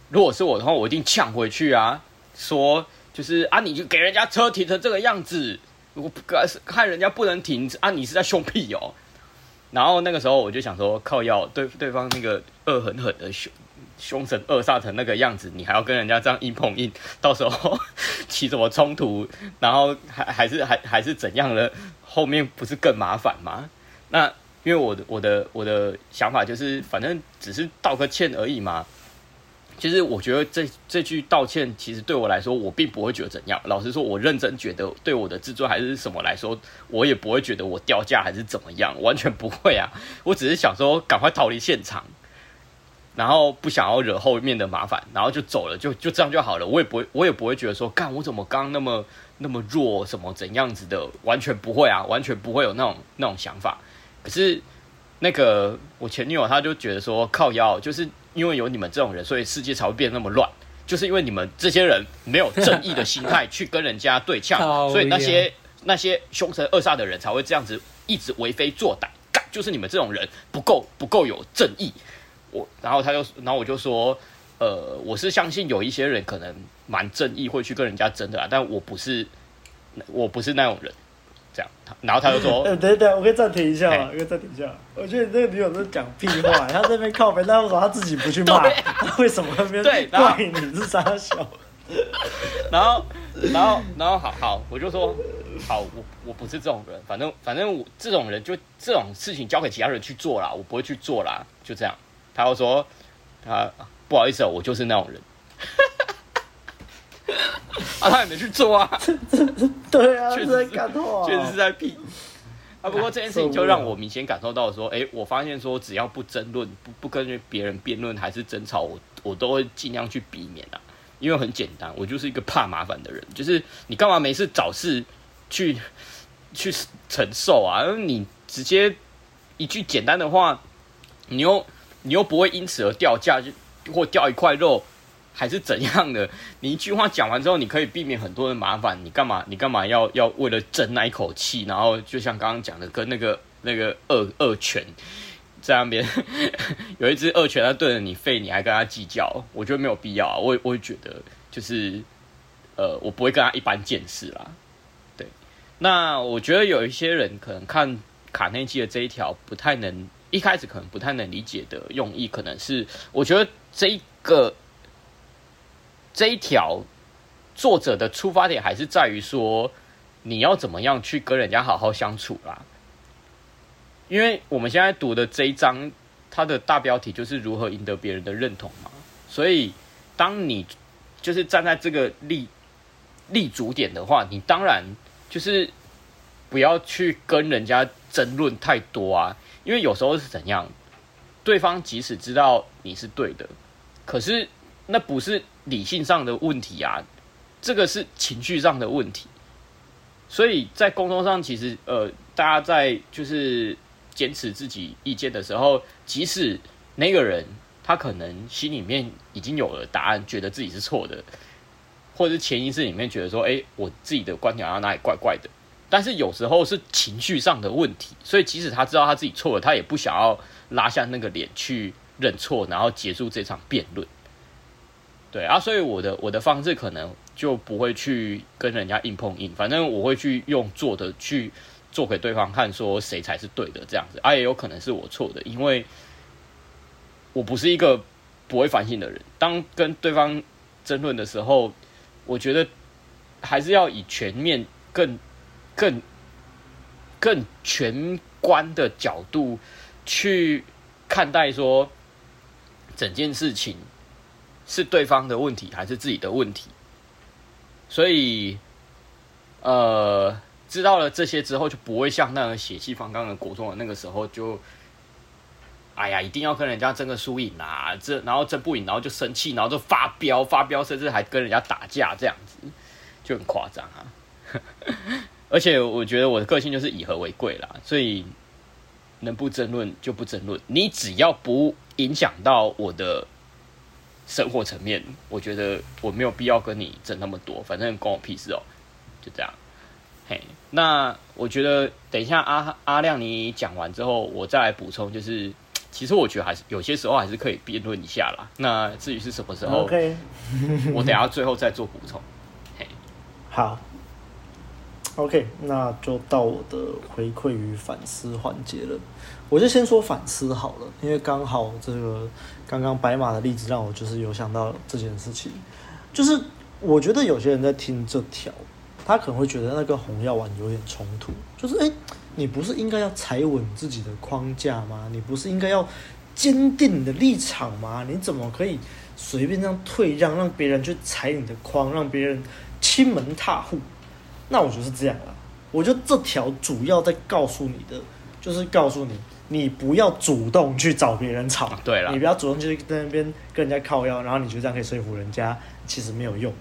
如果是我的話，我一定嗆回去啊！說就是啊，你就給人家車停成這個樣子，我不該害人家不能停啊，你是在凶屁哦！”然後那個時候我就想說，靠，要對對方那個惡狠狠的凶。凶神惡煞成那個樣子，你還要跟人家這樣硬碰硬，到時候呵呵起什麼衝突，然後還還是還還是怎樣的，後面不是更麻煩嗎？那因為我的我的我的想法就是，反正只是道個歉而已嘛。其實我覺得這這句道歉，其實對我來說，我並不會覺得怎樣。老實說，我認真覺得對我的自尊還是什麼來說，我也不會覺得我掉價還是怎麼樣，完全不會啊。我只是想說，趕快逃離現場。然後不想要惹後面的麻煩，然後就走了，就就這樣就好了。我也不會，我也不會覺得說，幹我怎麼剛剛那麼那麼弱，什麼怎樣子的，完全不會啊，完全不會有那種那種想法。可是那個我前女友，她就覺得說，靠腰，就是因為有你們這種人，所以世界才會變得那麼亂，就是因為你們這些人沒有正義的心態去跟人家對嗆， 所以那些那些凶神惡煞的人才會這樣子一直為非作歹。幹，就是你們這種人不夠不夠有正義。我然後他就，然後我就說，呃，我是相信有一些人可能蠻正義，會去跟人家爭的，啊，但我不是，我不是那種人，這樣。然後他就說，欸、等一等，我可以暫停一下嗎？欸、我可以暫停一下。我覺得這個女友在講屁話，在這邊靠北， 但為什麼她自己不去罵？她、啊、為什麼那邊對怪你是啥小？然後，然後，然後，好好，我就說，好，我我不是這種人，反正反正我這種人就這種事情交給其他人去做啦，我不會去做啦，就這樣。他又說：“他、啊、不好意思、喔、我就是那種人。 ”啊，他也沒去做啊。 對啊，確實在感動、喔。啊，確實是在騙。啊，不過這件事情就讓我明顯感受到說，誒、欸，我發現說，只要不爭論、不不跟別人辯論還是爭吵，我我都會盡量去避免啊，因為很簡單，我就是一個怕麻煩的人。就是你幹嘛沒事找事去去承受啊？因為你直接一句簡單的話，你又。你又不會因此而掉價，就或掉一塊肉，還是怎樣的？你一句話講完之後，你可以避免很多的麻煩。你幹嘛？你幹嘛要要為了爭那一口氣？然後就像剛剛講的，跟那個那個惡惡犬在那邊 有一隻惡犬他，它對着你吠，你還跟他計較，我覺得沒有必要啊。我我也覺得就是，呃，我不會跟他一般見識啦。對，那我覺得有一些人可能看卡內基的這一條不太能。一開始可能不太能理解的用意，可能是我覺得這一個這一條作者的出發點還是在於說你要怎麼樣去跟人家好好相處啦、啊。因為我們現在讀的這一章，它的大標題就是如何贏得別人的認同嘛。所以，當你就是站在這個立立足點的話，你當然就是不要去跟人家爭論太多啊。因為有時候是怎樣，對方即使知道你是對的，可是那不是理性上的問題啊，這個是情緒上的問題。所以在溝通上，其實呃，大家在就是堅持自己意見的時候，即使那個人他可能心裡面已經有了答案，覺得自己是錯的，或者是潛意識裡面覺得說，哎，我自己的觀點好像哪裡怪怪的。但是有時候是情緒上的問題，所以即使他知道他自己錯了，他也不想要拉下那個臉去認錯，然後結束這場辯論。對啊，所以我的我的方式可能就不會去跟人家硬碰硬，反正我會去用做的去做給對方看，說誰才是對的這樣子。啊，也有可能是我錯的，因為我不是一個不會反省的人。當跟對方爭論的時候，我覺得還是要以全面更。更更全觀的角度去看待說，整件事情是對方的問題還是自己的問題，所以呃知道了這些之後，就不會像那個血氣方剛的國中的那個時候就哎呀一定要跟人家爭個輸贏啊，這然後爭不贏，然後就生氣，然後就發飆，發飆甚至還跟人家打架，這樣子就很誇張啊。 而且我覺得我的個性就是以和為貴啦，所以能不爭論就不爭論。你只要不影響到我的生活層面，我覺得我沒有必要跟你爭那麼多，反正關我屁事哦、喔，就這樣。嘿，那我覺得等一下阿阿亮你講完之後，我再來補充，就是其實我覺得還是有些時候還是可以辯論一下啦。那至於是什麼時候，Okay. 我等一下最後再做補充。嘿，好。OK，那就到我的回饋與反思環節了。我就先說反思好了，因為剛好這個剛剛白馬的例子讓我就是有想到這件事情。就是我覺得有些人在聽這條，他可能會覺得那個紅藥丸有點衝突。就是哎、欸，你不是應該要踩穩自己的框架嗎？你不是應該要堅定你的立場嗎？你怎麼可以隨便這樣退讓，讓別人去踩你的框，讓別人侵門踏戶？那我覺得是這樣了，我覺得這條主要在告訴你的，就是告訴你，你不要主動去找別人吵，對了，你不要主動去在那邊跟人家靠腰，然後你覺得這樣可以說服人家，其實沒有用。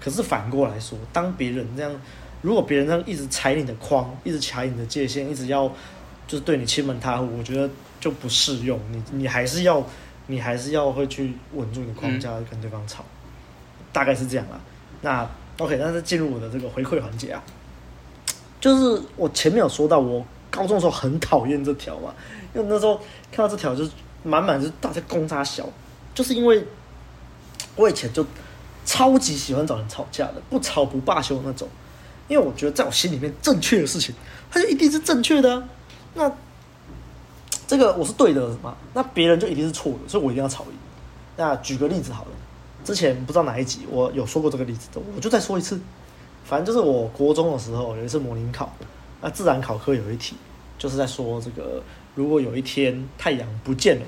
可是反過來說，當別人這樣，如果別人這樣一直踩你的框，一直踩你的界限，一直要就是對你欺門踏戶，我覺得就不適用。你你還是要你還是要會去穩住你的框架，跟對方、嗯、吵，大概是這樣啦。那。OK，那就進入我的這個回饋環節啊。就是我前面有說到，我高中的時候很討厭這條嘛，因為那時候看到這條就,就是滿滿就大家公差小，就是因為我以前就超級喜歡找人吵架的，不吵不罷休的那種。因為我覺得在我心裡面正確的事情，它就一定是正確的啊。那這個我是對的嘛？那別人就一定是錯的，所以我一定要吵贏。那舉個例子好了。之前不知道哪一集我有說過這個例子的，我就再說一次，反正就是我國中的時候有一次模擬考，那自然考科有一題，就是在說這個，如果有一天太陽不見了，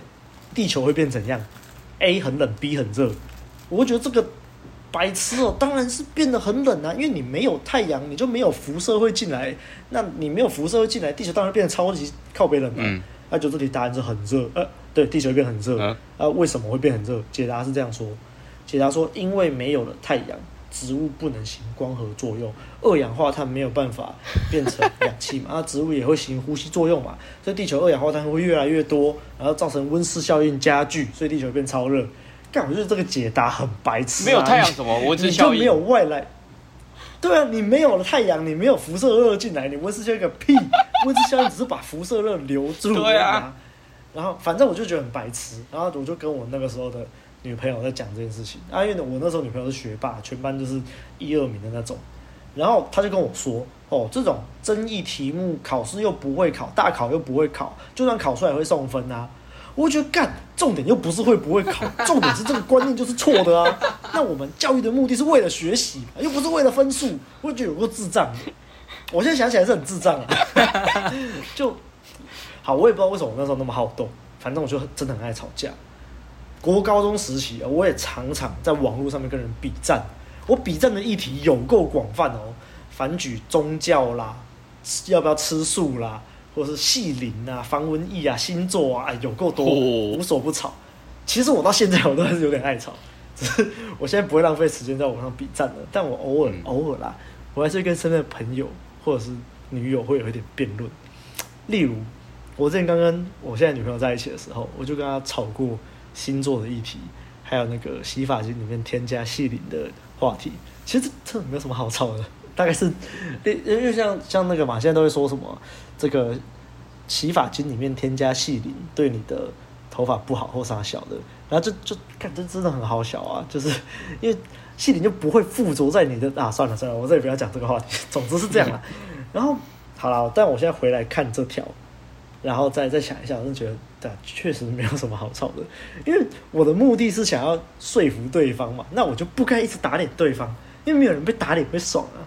地球會變怎樣？A 很冷，B 很熱，我會覺得這個白痴哦、喔，當然是變得很冷啊，因為你沒有太陽，你就沒有輻射會進來，那你沒有輻射會進來，地球當然變得超級靠北冷了、啊嗯。那就這題答案是很熱，呃對，地球變得很熱，啊，啊為什麼會變得很熱？解答是這樣說。解答說，因為沒有了太陽，植物不能行光合作用，二氧化碳沒有辦法變成氧氣嘛，那、 啊、植物也會行呼吸作用嘛，所以地球二氧化碳會越來越多，然後造成溫室效應加劇，所以地球變超熱。但我覺得這個解答很白痴、啊，沒有太陽什麼溫室效應，你，你就沒有外來。對啊，你沒有了太陽，你沒有輻射熱進來，你溫室效應個屁，溫室效應只是把輻射熱留住、啊。對啊，然後反正我就覺得很白痴，然後我就跟我那個時候的。女朋友在講這件事情，啊因為我那時候女朋友是學霸，全班就是一二名的那種。然後他就跟我說：“哦，這種爭議題目考試又不會考，大考又不會考，就算考出來也會送分啊。”我覺得幹，重點又不是會不會考，重點是這個觀念就是錯的啊。那我們教育的目的是為了學習，又不是為了分數。我覺得我智障，我現在想起來是很智障啊。呵呵就,就好，我也不知道為什麼我那時候那麼好動，反正我就真的很愛吵架。國高中時期，我也常常在網絡上面跟人筆戰。我筆戰的議題有夠廣泛哦，凡舉宗教啦，要不要吃素啦，或者是系林啊、防瘟疫啊、星座啊，有夠多，無所不吵。其實我到現在我都還是有點愛吵，只是我現在不會浪費時間在網上筆戰了。但我偶爾、嗯、偶爾啦，我還是跟身邊的朋友或者是女友會有一點辯論。例如，我之前剛跟我現在女朋友在一起的時候，我就跟她吵過。星座的議題，還有那個洗髮精裡面添加矽靈的話題，其實這這沒有什麼好吵的。大概是，因為因為像像那個嘛，現在都會說什麼這個洗髮精裡面添加矽靈，對你的頭髮不好或啥小的，然後就就看這真的很好笑啊，就是因為矽靈就不會附着在你的啊，算了算了，我這裡不要講這個話題。總之是這樣啊。 然後好啦，但我現在回來看這條。然後再再想一下，我就覺得，對，確實沒有什麼好吵的，因為我的目的是想要說服對方嘛，那我就不該一直打臉對方，因為沒有人被打臉會爽啊。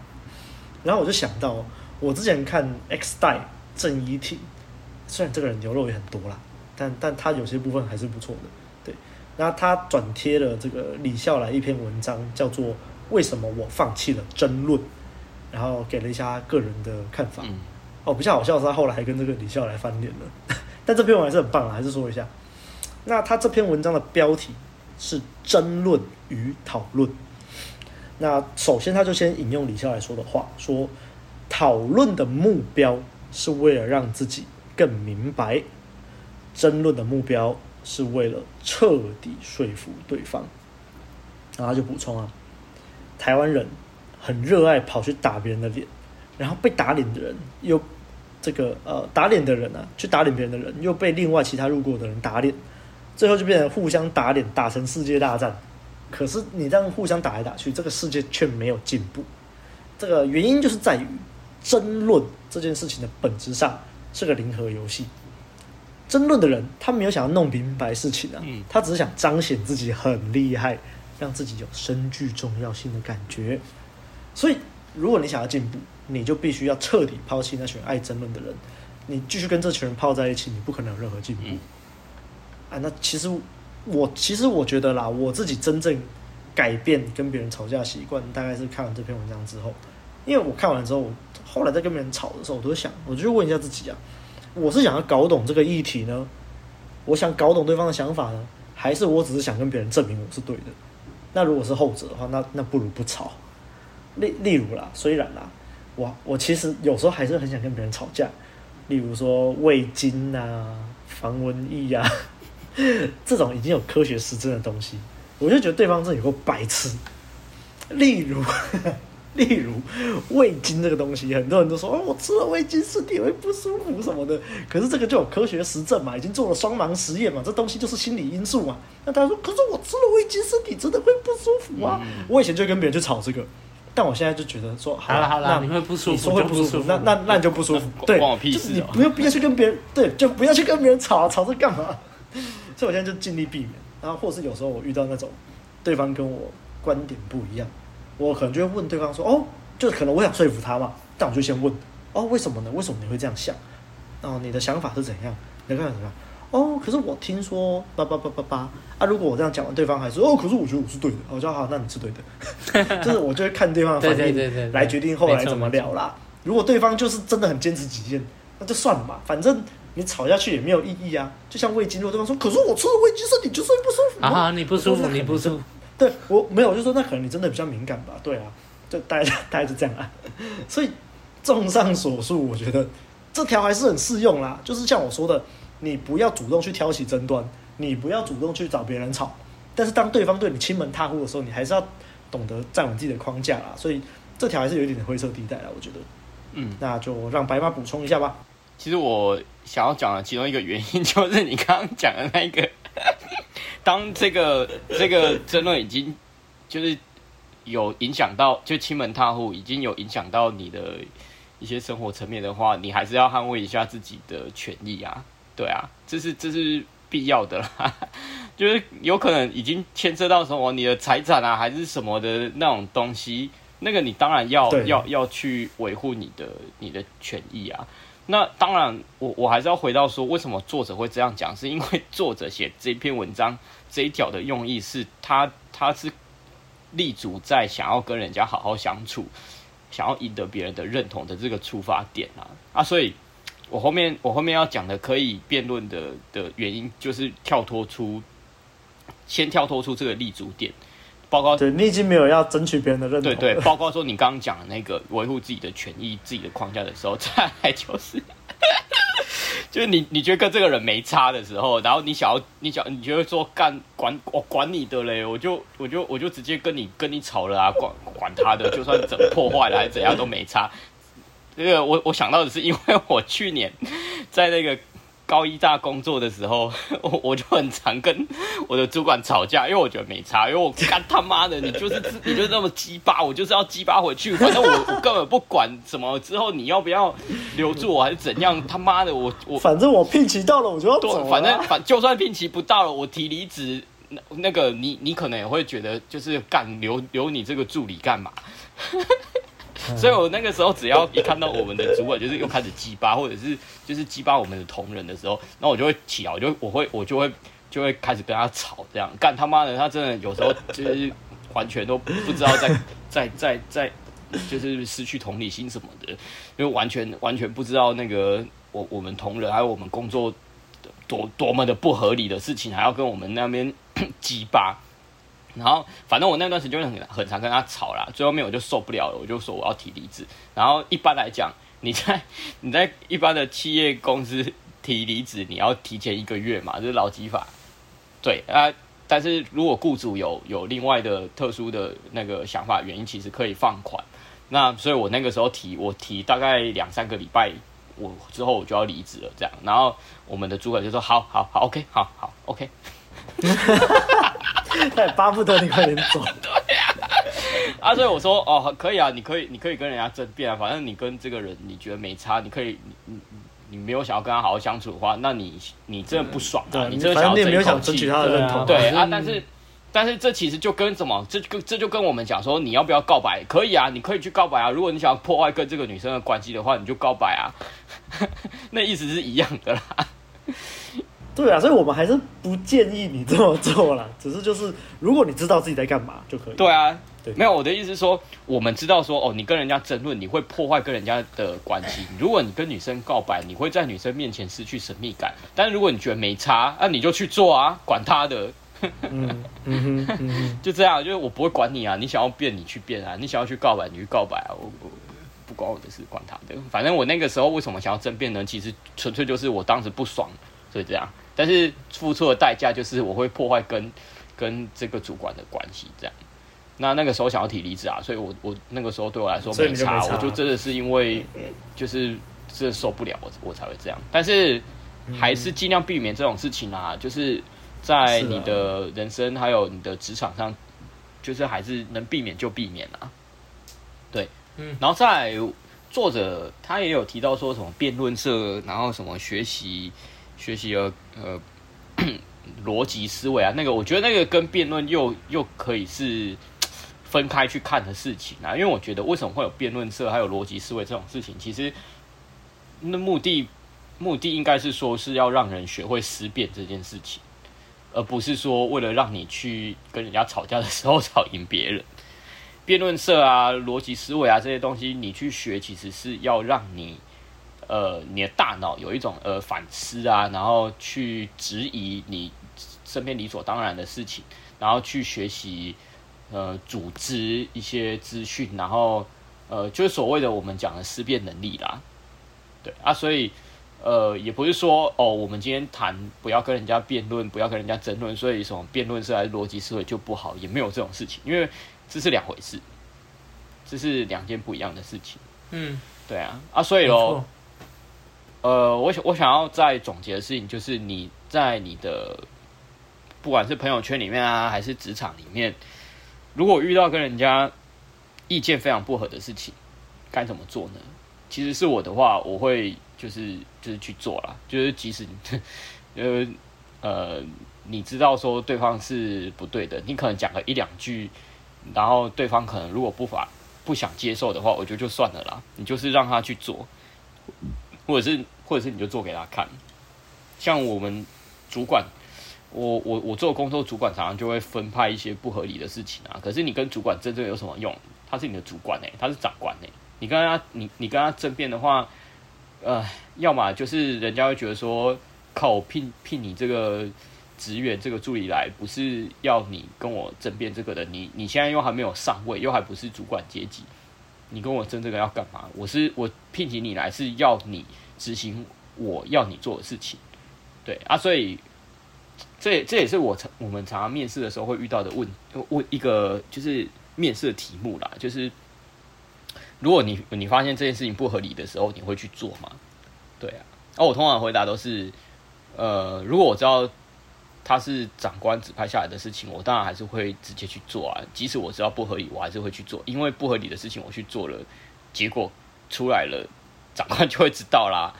然後我就想到，我之前看 X 代鄭伊廷，雖然這個人牛肉也很多啦，但但他有些部分還是不錯的，對。然後他轉貼了這個李笑來一篇文章，叫做《為什麼我放棄了爭論》，然後給了一下個人的看法。嗯哦，比較好笑是他後來還跟這個李笑來翻臉了， 但這篇文章還是很棒啊，還是說一下，那他這篇文章的標題是“爭論與討論”。那首先他就先引用李笑來說的話，說討論的目標是為了讓自己更明白，爭論的目標是為了徹底說服對方。然後他就補充啊，台灣人很熱愛跑去打別人的臉。然後被打臉的人又，這個呃打臉的人啊，去打臉別人的人，又被另外其他路過的人打臉，最後就變成互相打臉，打成世界大戰。可是你這樣互相打來打去，這個世界卻沒有進步。這個原因就是在於，爭論這件事情的本質上是個零和遊戲。爭論的人他沒有想要弄明白事情啊，他只是想彰顯自己很厲害，讓自己有深具重要性的感覺。所以如果你想要進步，你就必須要徹底拋棄那群愛爭論的人。你繼續跟這群人泡在一起，你不可能有任何進步。啊，那其實我其實我覺得啦，我自己真正改變跟別人吵架習慣，大概是看完這篇文章之後，因為我看完之後，我後來在跟別人吵的時候，我都會想，我就問一下自己啊，我是想要搞懂這個議題呢，我想搞懂對方的想法呢，還是我只是想跟別人證明我是對的？那如果是後者的話，那那不如不吵。例例如啦，雖然啦。我我其實有時候還是很想跟別人吵架，例如說味精啊、防蚊液啊呵呵，這種已經有科學實證的東西，我就覺得對方真的有夠白痴。例如，呵呵例如味精這個東西，很多人都說哦，我吃了味精身體會不舒服什麼的，可是這個就有科學實證嘛，已經做了雙盲實驗嘛，這東西就是心理因素嘛。那他說，可是我吃了味精身體真的會不舒服啊？嗯、我以前就跟別人去吵這個。但我現在就覺得說好了好了，那你會不舒服，你說會不舒服。舒服那那那你就不舒服，對，關我屁事！就是你不要不要去跟別人對，就不要去跟別人吵，吵是幹嘛？ 所以我現在就盡力避免。然後，或是有時候我遇到那種對方跟我觀點不一樣，我可能就會問對方說：“哦，就可能我想說服他嘛，但我就先問哦，為什麼呢？為什麼你會這樣想？哦，你的想法是怎樣？能看怎麼樣？”哦，可是我聽說，叭叭叭叭叭啊！如果我這樣講完，對方還說，哦，可是我覺得我是對的，我說好，那你是對的， 就是我就會看對方的反應來決定後來怎麼聊啦。對對對對對，如果對方就是真的很堅持己見，那就算了嘛，反正你吵下去也沒有意義啊。就像味精，如果對方說，可是我吃了味精，說你就是不舒服啊，你不舒服，你不舒服，對我沒有，我就說那可能你真的比較敏感吧。對啊，就大概大概就這樣啊。所以，綜上所述，我覺得這條還是很適用啦，就是像我說的。你不要主動去挑起爭端，你不要主動去找別人吵。但是當對方對你親門踏戶的時候，你還是要懂得站穩自己的框架啊。所以這條還是有一點點灰色地帶啊，我覺得。嗯，那就讓白馬補充一下吧。其實我想要講的其中一個原因，就是你剛剛講的那一個，當這個這個爭論已經就是有影響到，就親門踏戶已經有影響到你的一些生活層面的話，你還是要捍衛一下自己的權益啊。對啊，這是這是必要的啦， 就是有可能已經牽涉到什麼你的財產啊，還是什麼的那種東西，那個你當然要要要去維護你的你的權益啊。那當然我，我我還是要回到說，為什麼作者會這樣講？是因為作者寫這篇文章這一條的用意是他他是立足在想要跟人家好好相處，想要贏得別人的認同的這個出發點啊啊，所以。我後面我後面要講的可以辯論的的原因，就是跳脫出，先跳脫出這個立足點，包括對，你已經沒有要爭取別人的認同了。對對，包括說你剛剛講的那個維護自己的權益、自己的框架的時候，再來就是， 就是你你覺得跟這個人沒差的時候，然後你想要你想你覺得說幹管我管你的嘞，我就我就我就直接跟你跟你吵了啊，管管他的，就算整破壞了還是怎樣都沒差。這個我我想到的是，因為我去年在那個高一大工作的時候，我我就很常跟我的主管吵架，因為我覺得沒差，因為我幹他媽的，你就是你就是那麼雞巴，我就是要雞巴回去，反正我我根本不管什麼，之後你要不要留住我還是怎樣，他媽的我，我我反正我聘期到了，我就要走，啊，對，反正反就算聘期不到了，我提離職，那那個你你可能也會覺得就是幹留留你這個助理幹嘛。所以我那個時候只要一看到我們的主管就是又開始機掰，或者是就是機掰我們的同仁的時候，那我就會起來，我就我會我就會就會開始跟他吵這樣。幹他媽的，他真的有時候就是完全都不知道在在在在就是失去同理心什麼的，就完全完全不知道那個我我們同仁還有我們工作多多麼的不合理的事情，還要跟我們那邊機掰然後，反正我那段時間很很常跟他吵啦，最後面我就受不了了，我就說我要提離職。然後一般來講，你在你在一般的企業公司提離職，你要提前一個月嘛，這是勞基法。對啊，但是如果雇主有有另外的特殊的那個想法原因，其實可以放款。那所以我那個時候提我提大概兩三個禮拜，我之後我就要離職了這樣。然後我們的主管就說：好好好，OK，好好 OK。哈哈哈哈哈！他也巴不得你快點走。 對啊，啊所以我說哦，可以啊，你可以，你可以跟人家爭辯啊。反正你跟這個人，你覺得沒差，你可以，你你你沒有想要跟他好好相處的話，那你你真的不爽啊！你真的想要爭，想爭取他的認同。對啊，對是啊，但是但是這其實就跟什麼，這跟這就跟我們講說，你要不要告白？可以啊，你可以去告白啊。如果你想要破壞跟這個女生的關係的話，你就告白啊。 那意思是一樣的啦。 對啊，所以我們還是不建議你這麼做啦。只是就是，如果你知道自己在幹嘛就可以。對啊，對，沒有我的意思是說，我們知道說，哦，你跟人家爭論，你會破壞跟人家的關係；如果你跟女生告白，你會在女生面前失去神秘感。但是如果你覺得沒差，那、啊、你就去做啊，管他的。 嗯，嗯哼，嗯哼 就這樣，就是我不會管你啊。你想要變，你去變啊；你想要去告白，你去告白啊。我，我不不關我的事，管他的。反正我那個時候為什麼想要爭辯呢？其實純粹就是我當時不爽。所以這樣，但是付出的代價就是我會破壞跟跟這個主管的關係。這樣，那那個時候想要提離職啊，所以我我那個時候對我來說沒差、差，我就真的是因為就是真的受不了，嗯、我我才會這樣。但是還是盡量避免這種事情啊，就是在你的人生還有你的職場上，就是還是能避免就避免啊。對，嗯。然後再來作者他也有提到說什麼辯論社，然後什麼學習。學習呃呃邏輯思維啊，那個我覺得那個跟辯論又又可以是分開去看的事情啊，因為我覺得為什麼會有辯論社還有邏輯思維這種事情，其實那目的目的應該是說是要讓人學會思辨這件事情，而不是說為了讓你去跟人家吵架的時候吵贏別人。辯論社啊，邏輯思維啊這些東西，你去學其實是要讓你。呃，你的大腦有一種呃反思啊，然後去質疑你身邊理所當然的事情，然後去學習呃，組織一些資訊，然後呃，就是所謂的我們講的思辨能力啦。對啊，所以呃，也不是說哦，我們今天談不要跟人家辯論，不要跟人家爭論，所以什麼辯論是還是邏輯思維就不好，也沒有這種事情，因為這是兩回事，這是兩件不一樣的事情。嗯，對啊，啊，所以嘍。呃，我想我想要再總結的事情就是，你在你的不管是朋友圈裡面啊，還是職場裡面，如果遇到跟人家意見非常不合的事情，該怎麼做呢？其實是我的話，我會就是就是去做啦。就是即使因為、就是、呃，你知道說對方是不對的，你可能講個一兩句，然後對方可能如果不法不想接受的話，我覺得就算了啦，你就是讓他去做。或者是，或者是你就做給他看，像我們主管，我我我做工作，主管常常就會分派一些不合理的事情啊。可是你跟主管爭這個有什麼用？他是你的主管欸，他是長官欸，你跟他你你跟他爭辯的話，呃，要麼就是人家會覺得說靠，我聘聘你這個職員、這個助理來，不是要你跟我爭辯這個的。你你現在又還沒有上位，又還不是主管階級。你跟我爭這個要干嘛？我是我聘請你來是要你執行我要你做的事情，對啊，所以這這也是我常我們常常面試的時候會遇到的問問一個就是面試的題目啦，就是如果你你發現這件事情不合理的時候，你會去做嗎？對啊，哦，啊，我通常回答都是呃，如果我知道。他是長官指派下來的事情，我當然還是會直接去做啊。即使我知道不合理，我還是會去做，因為不合理的事情我去做了，結果出來了，長官就會知道啦。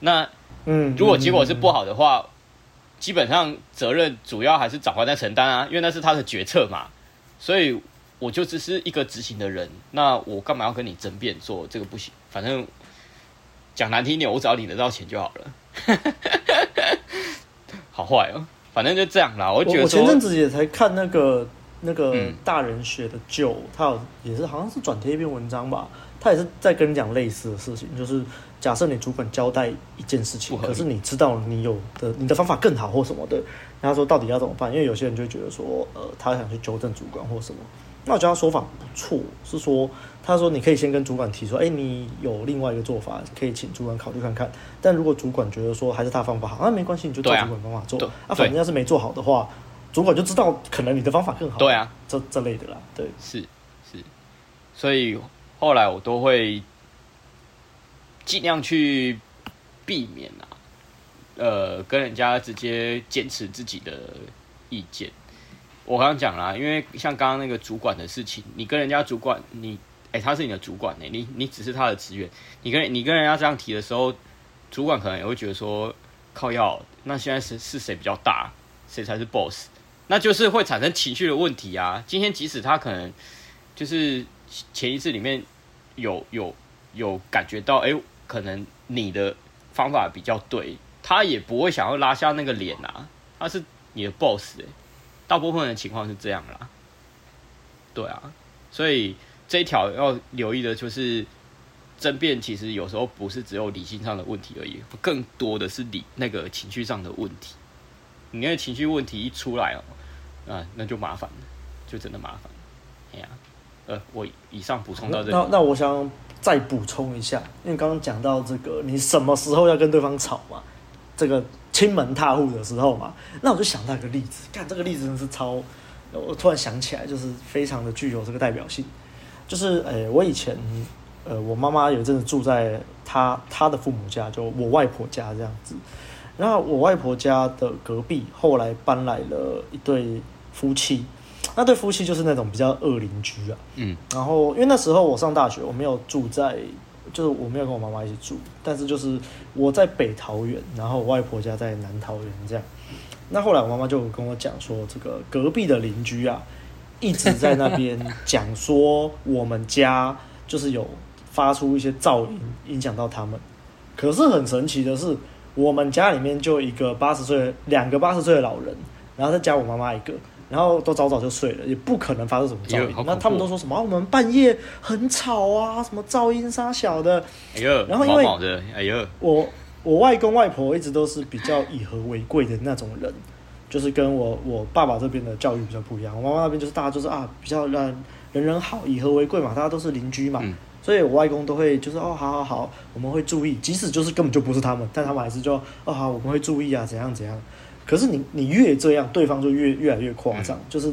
那，嗯，如果結果是不好的話，嗯嗯嗯、基本上責任主要還是長官在承擔啊，因為那是他的決策嘛。所以我就只是一個執行的人，那我幹嘛要跟你爭辯做？這個不行，反正講難聽點，我只要領得到錢就好了。 好壞哦、喔。反正就這樣了，我我前陣子也才看那個那個大人學的舊、嗯，他有也是好像是轉貼一篇文章吧，他也是在跟你講類似的事情，就是假設你主管交代一件事情，可是你知道你有的你的方法更好或什麼的，然後說到底要怎麼辦？因為有些人就會覺得說，呃，他想去糾正主管或什麼。那我覺得他說法不錯，是說他說你可以先跟主管提出，哎，你有另外一個做法，可以請主管考慮看看。但如果主管覺得說還是他方法好，那、啊、沒關係，你就照主管方法做。那、啊啊、反正要是沒做好的話，主管就知道可能你的方法更好。對啊，這這類的啦，對，是是。所以後來我都會盡量去避免啊，呃，跟人家直接堅持自己的意見。我剛剛講了，因為像剛剛那個主管的事情，你跟人家主管，你哎，欸、他是你的主管呢、欸，你你只是他的職員，你跟你跟人家這樣提的時候，主管可能也會覺得說靠邀，那現在是是誰比較大，誰才是 boss，那就是會產生情緒的問題啊。今天即使他可能就是前一次裡面有有有感覺到，哎、欸，可能你的方法比較對，他也不會想要拉下那個臉啊，他是你的 boss 哎、欸。大部分的情況是這樣啦，對啊，所以這一條要留意的就是，爭辯其實有時候不是只有理性上的問題而已，更多的是理那個情緒上的問題。你那個情緒問題一出來哦、喔，啊、呃，那就麻煩了，就真的麻煩了。哎呀、啊，呃，我以上補充到這裡，那那我想再補充一下，因為剛剛講到這個，你什麼時候要跟對方吵嘛、啊？這個。親門踏戶的時候嘛，那我就想到一個例子，看這個例子真是超，我突然想起來，就是非常的具有這個代表性，就是誒、欸，我以前呃，我媽媽有一陣子住在她她的父母家，就我外婆家這樣子，然後我外婆家的隔壁後來搬來了一對夫妻，那對夫妻就是那種比較惡鄰居啊，嗯，然後因為那時候我上大學，我沒有住在。就是我沒有跟我媽媽一起住，但是就是我在北桃園，然後我外婆家在南桃園這樣。那後來我媽媽就跟我講說，這個隔壁的鄰居啊，一直在那邊講說我們家就是有發出一些噪音，影響到他們。可是很神奇的是，我們家裡面就一個八十歲的，兩個八十歲的老人，然後再加我媽媽一個。然後都早早就睡了，也不可能發生什麼噪音。那、哎、他們都說什麼？啊？我們半夜很吵啊，什麼噪音沙小的。哎呦，然後因為毛毛的，哎呦！我我外公外婆一直都是比較以和為貴的那種人，就是跟我我爸爸這邊的教育比較不一樣。我媽媽那邊就是大家就是啊，比較讓人人好，以和為貴嘛，大家都是鄰居嘛。嗯、所以，我外公都會就是哦，好好好，我們會注意，即使就是根本就不是他們，但他們還是就哦好，好，我們會注意啊，怎樣怎樣。可是你你越這樣，對方就越越來越誇張，嗯。就是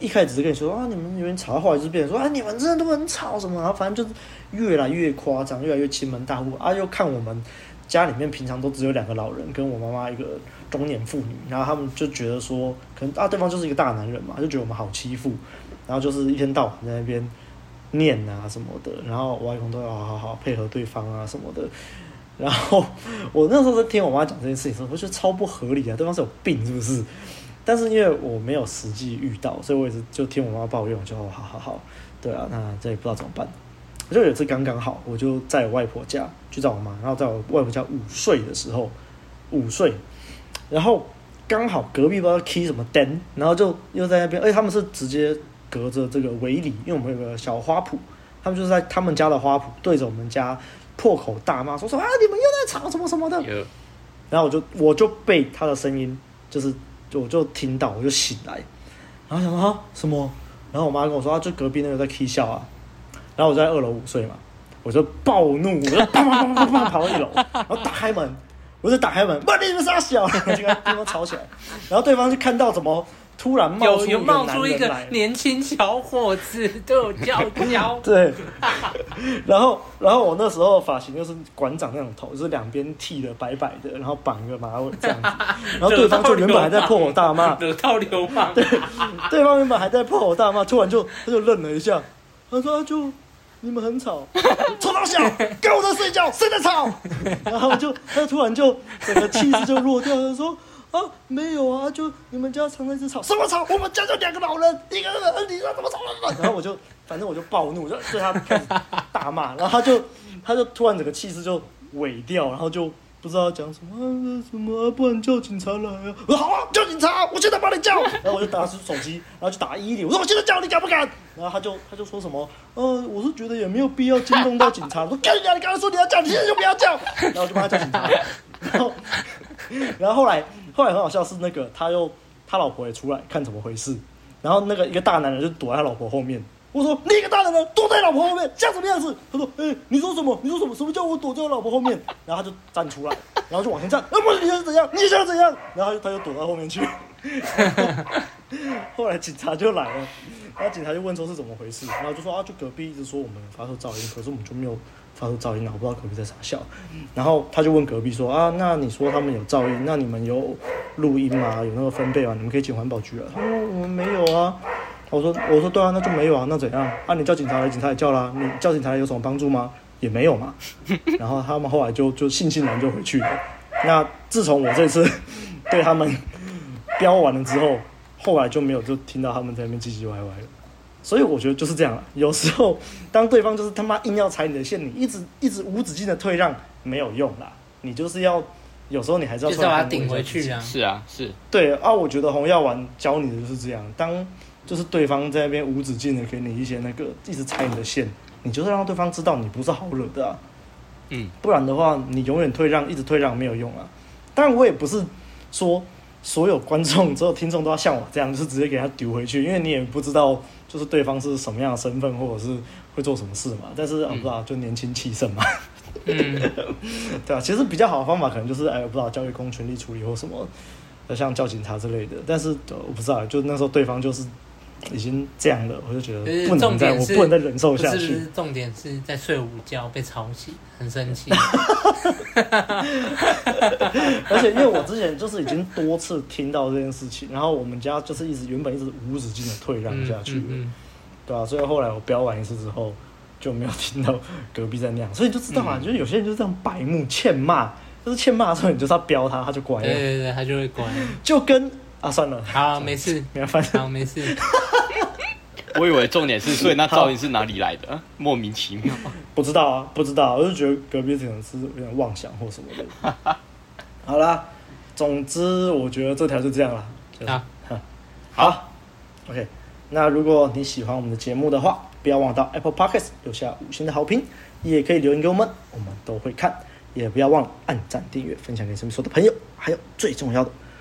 一開始是跟你說說啊，你們有點吵，後來就變成說，啊，你們真的都很吵什麼、啊？反正就是越來越誇張，越來越欺門大戶啊！又看我們家裡面平常都只有兩個老人，跟我媽媽一個中年婦女，然後他們就覺得說，可能啊，對方就是一個大男人嘛，就覺得我們好欺負，然後就是一天到晚在那邊念啊什麼的，然後我外公都要好好好配合對方啊什麼的。然後我那時候在聽我媽講這件事情時候，我覺得超不合理啊，對方是有病是不是？但是因為我沒有實際遇到，所以我一直就聽我媽抱怨，我就好好好，對啊，那這也不知道怎麼辦。我就有次剛剛好，我就在我外婆家去找我媽，然後在我外婆家午睡的時候，午睡，然後剛好隔壁不知道 key 什麼 den，然後就又在那邊，哎，他們是直接隔着這個圍籬，因為我們有個小花圃，他們就是在他們家的花圃對着我們家。破口大罵，說說啊，你們又在吵什麼什麼的。Yeah. 然後我就我就被他的聲音，就是就我就聽到，我就醒來，然後想說啊什麼？然後我媽跟我說啊，就隔壁那個在起笑啊。然後我在二樓午睡嘛，我就暴怒，我就啪啪啪跑到一樓，然後打開門，我就打開門，把 你們殺小，然後就跟對方吵起來。然後對方就看到怎麼？突然冒出一個，出一個年輕小伙子，對我叫囂。 對，然後，然後我那時候髮型就是館長那種頭，就是兩邊剃的白白的，然後綁個馬尾這樣子。然後對方就原本還在破口大罵，惹到，到流氓。對，對方原本還在破口大罵，突然就他就愣了一下，他說他就：“就你們很吵， 臭大小，跟我在睡覺，誰在吵？” 然後就他就突然就整個氣勢就弱掉，他說。啊，沒有啊，就你們家藏了一隻草，什麼草？我們家就兩個老人，一個人，你說怎麼草？然後我就，反正我就暴怒，我就對他開始大罵，然後他就，他就突然整個氣勢就萎掉，然後就不知道講什麼，什麼，啊、什麼，不能叫警察來啊。我說，好啊，叫警察，我現在幫你叫。然後我就打出手機，然後去打110，一一一，我說我現在叫你敢不敢？然後他就他就說什麼，呃，我是覺得也沒有必要驚動到警察，我說幹你娘，你剛剛說你要叫，你現在就不要叫。然後我就幫他叫警察，然後，然後後來。後來很好笑，是那個他又他老婆也出來看怎麼回事，然後那個一個大男人就躲在他老婆後面。我說你一個大男人躲在老婆後面像什麼樣子？他說哎、欸、你說什麼？你說什麼什麼叫我躲在我老婆後面？然後他就站出來，然後就往前站，我、啊、麼你想怎樣？你想怎樣？然後他就，他就躲到後面去後。後來警察就來了，然後警察就問說是怎麼回事？然後就說啊就隔壁一直說我們發出噪音，可是我們就沒有。發出噪音了，我不知道隔壁在傻笑。然後他就問隔壁說：“啊，那你說他們有噪音，那你們有錄音嗎？有那個分貝啊，你們可以請環保局啊。”他說：“我們沒有啊。”我說：“我說對啊，那就沒有啊，那怎樣？啊，你叫警察來，警察也叫啦。你叫警察來有什麼幫助嗎？也沒有嘛。”然後他們後來就就悻悻然就回去了。那自從我這次對他們飆完了之後，後來就沒有就聽到他們在那邊唧唧歪歪了。所以我覺得就是這樣啊。有時候，當對方就是他媽硬要踩你的線，你一直一直無止境的退讓沒有用啦。你就是要，有時候你還是要是他把它頂回去啊。是啊，是對啊。我覺得紅藥丸教你的就是這樣，當就是對方在那邊無止境的給你一些那個一直踩你的線，你就是讓對方知道你不是好惹的啊。嗯，不然的話，你永遠退讓，一直退讓沒有用啊。但我也不是說所有觀眾、所有聽眾都要像我這樣，嗯、就是直接給他丟回去，因為你也不知道就是對方是什麼樣的身份，或者是會做什麼事嘛。但是、嗯啊、我不知道，就年輕氣盛嘛。嗯、 對啊，其實比較好的方法可能就是，哎，我不知道教育公權力處理或什麼，像叫警察之類的。但是我不知道，就那時候對方就是。已經這樣了，我就覺得不能再，我不能再忍受下去。不是不是，重點是在睡午覺被吵醒，很生氣。 而且因為我之前就是已經多次聽到這件事情，然後我們家就是一直原本一直無止境的退讓下去、嗯嗯嗯，對吧、啊？所以後來我飆完一次之後，就沒有聽到隔壁在那樣。所以你就知道啊、嗯，就是有些人就是這樣白目欠罵，就是欠罵的時候你就是要飆他，他就乖。對，對對對，他就會乖。就跟。啊，算了好，好，沒事，不要分享，沒事。我以為重點是睡，所以那噪音是哪裡來的？莫名其妙，不知道啊，不知道、啊，我就覺得隔壁可能是有點妄想或什麼的。 好了，總之我覺得這條就這樣了、就是、啊。好，好，OK，那如果你喜歡我們的節目的話，不要忘到 Apple Podcast 留下五星的好評，也可以留言給我們，我們都會看。也不要忘了按讚、訂閱、分享給身邊所有的朋友，還有最重要的。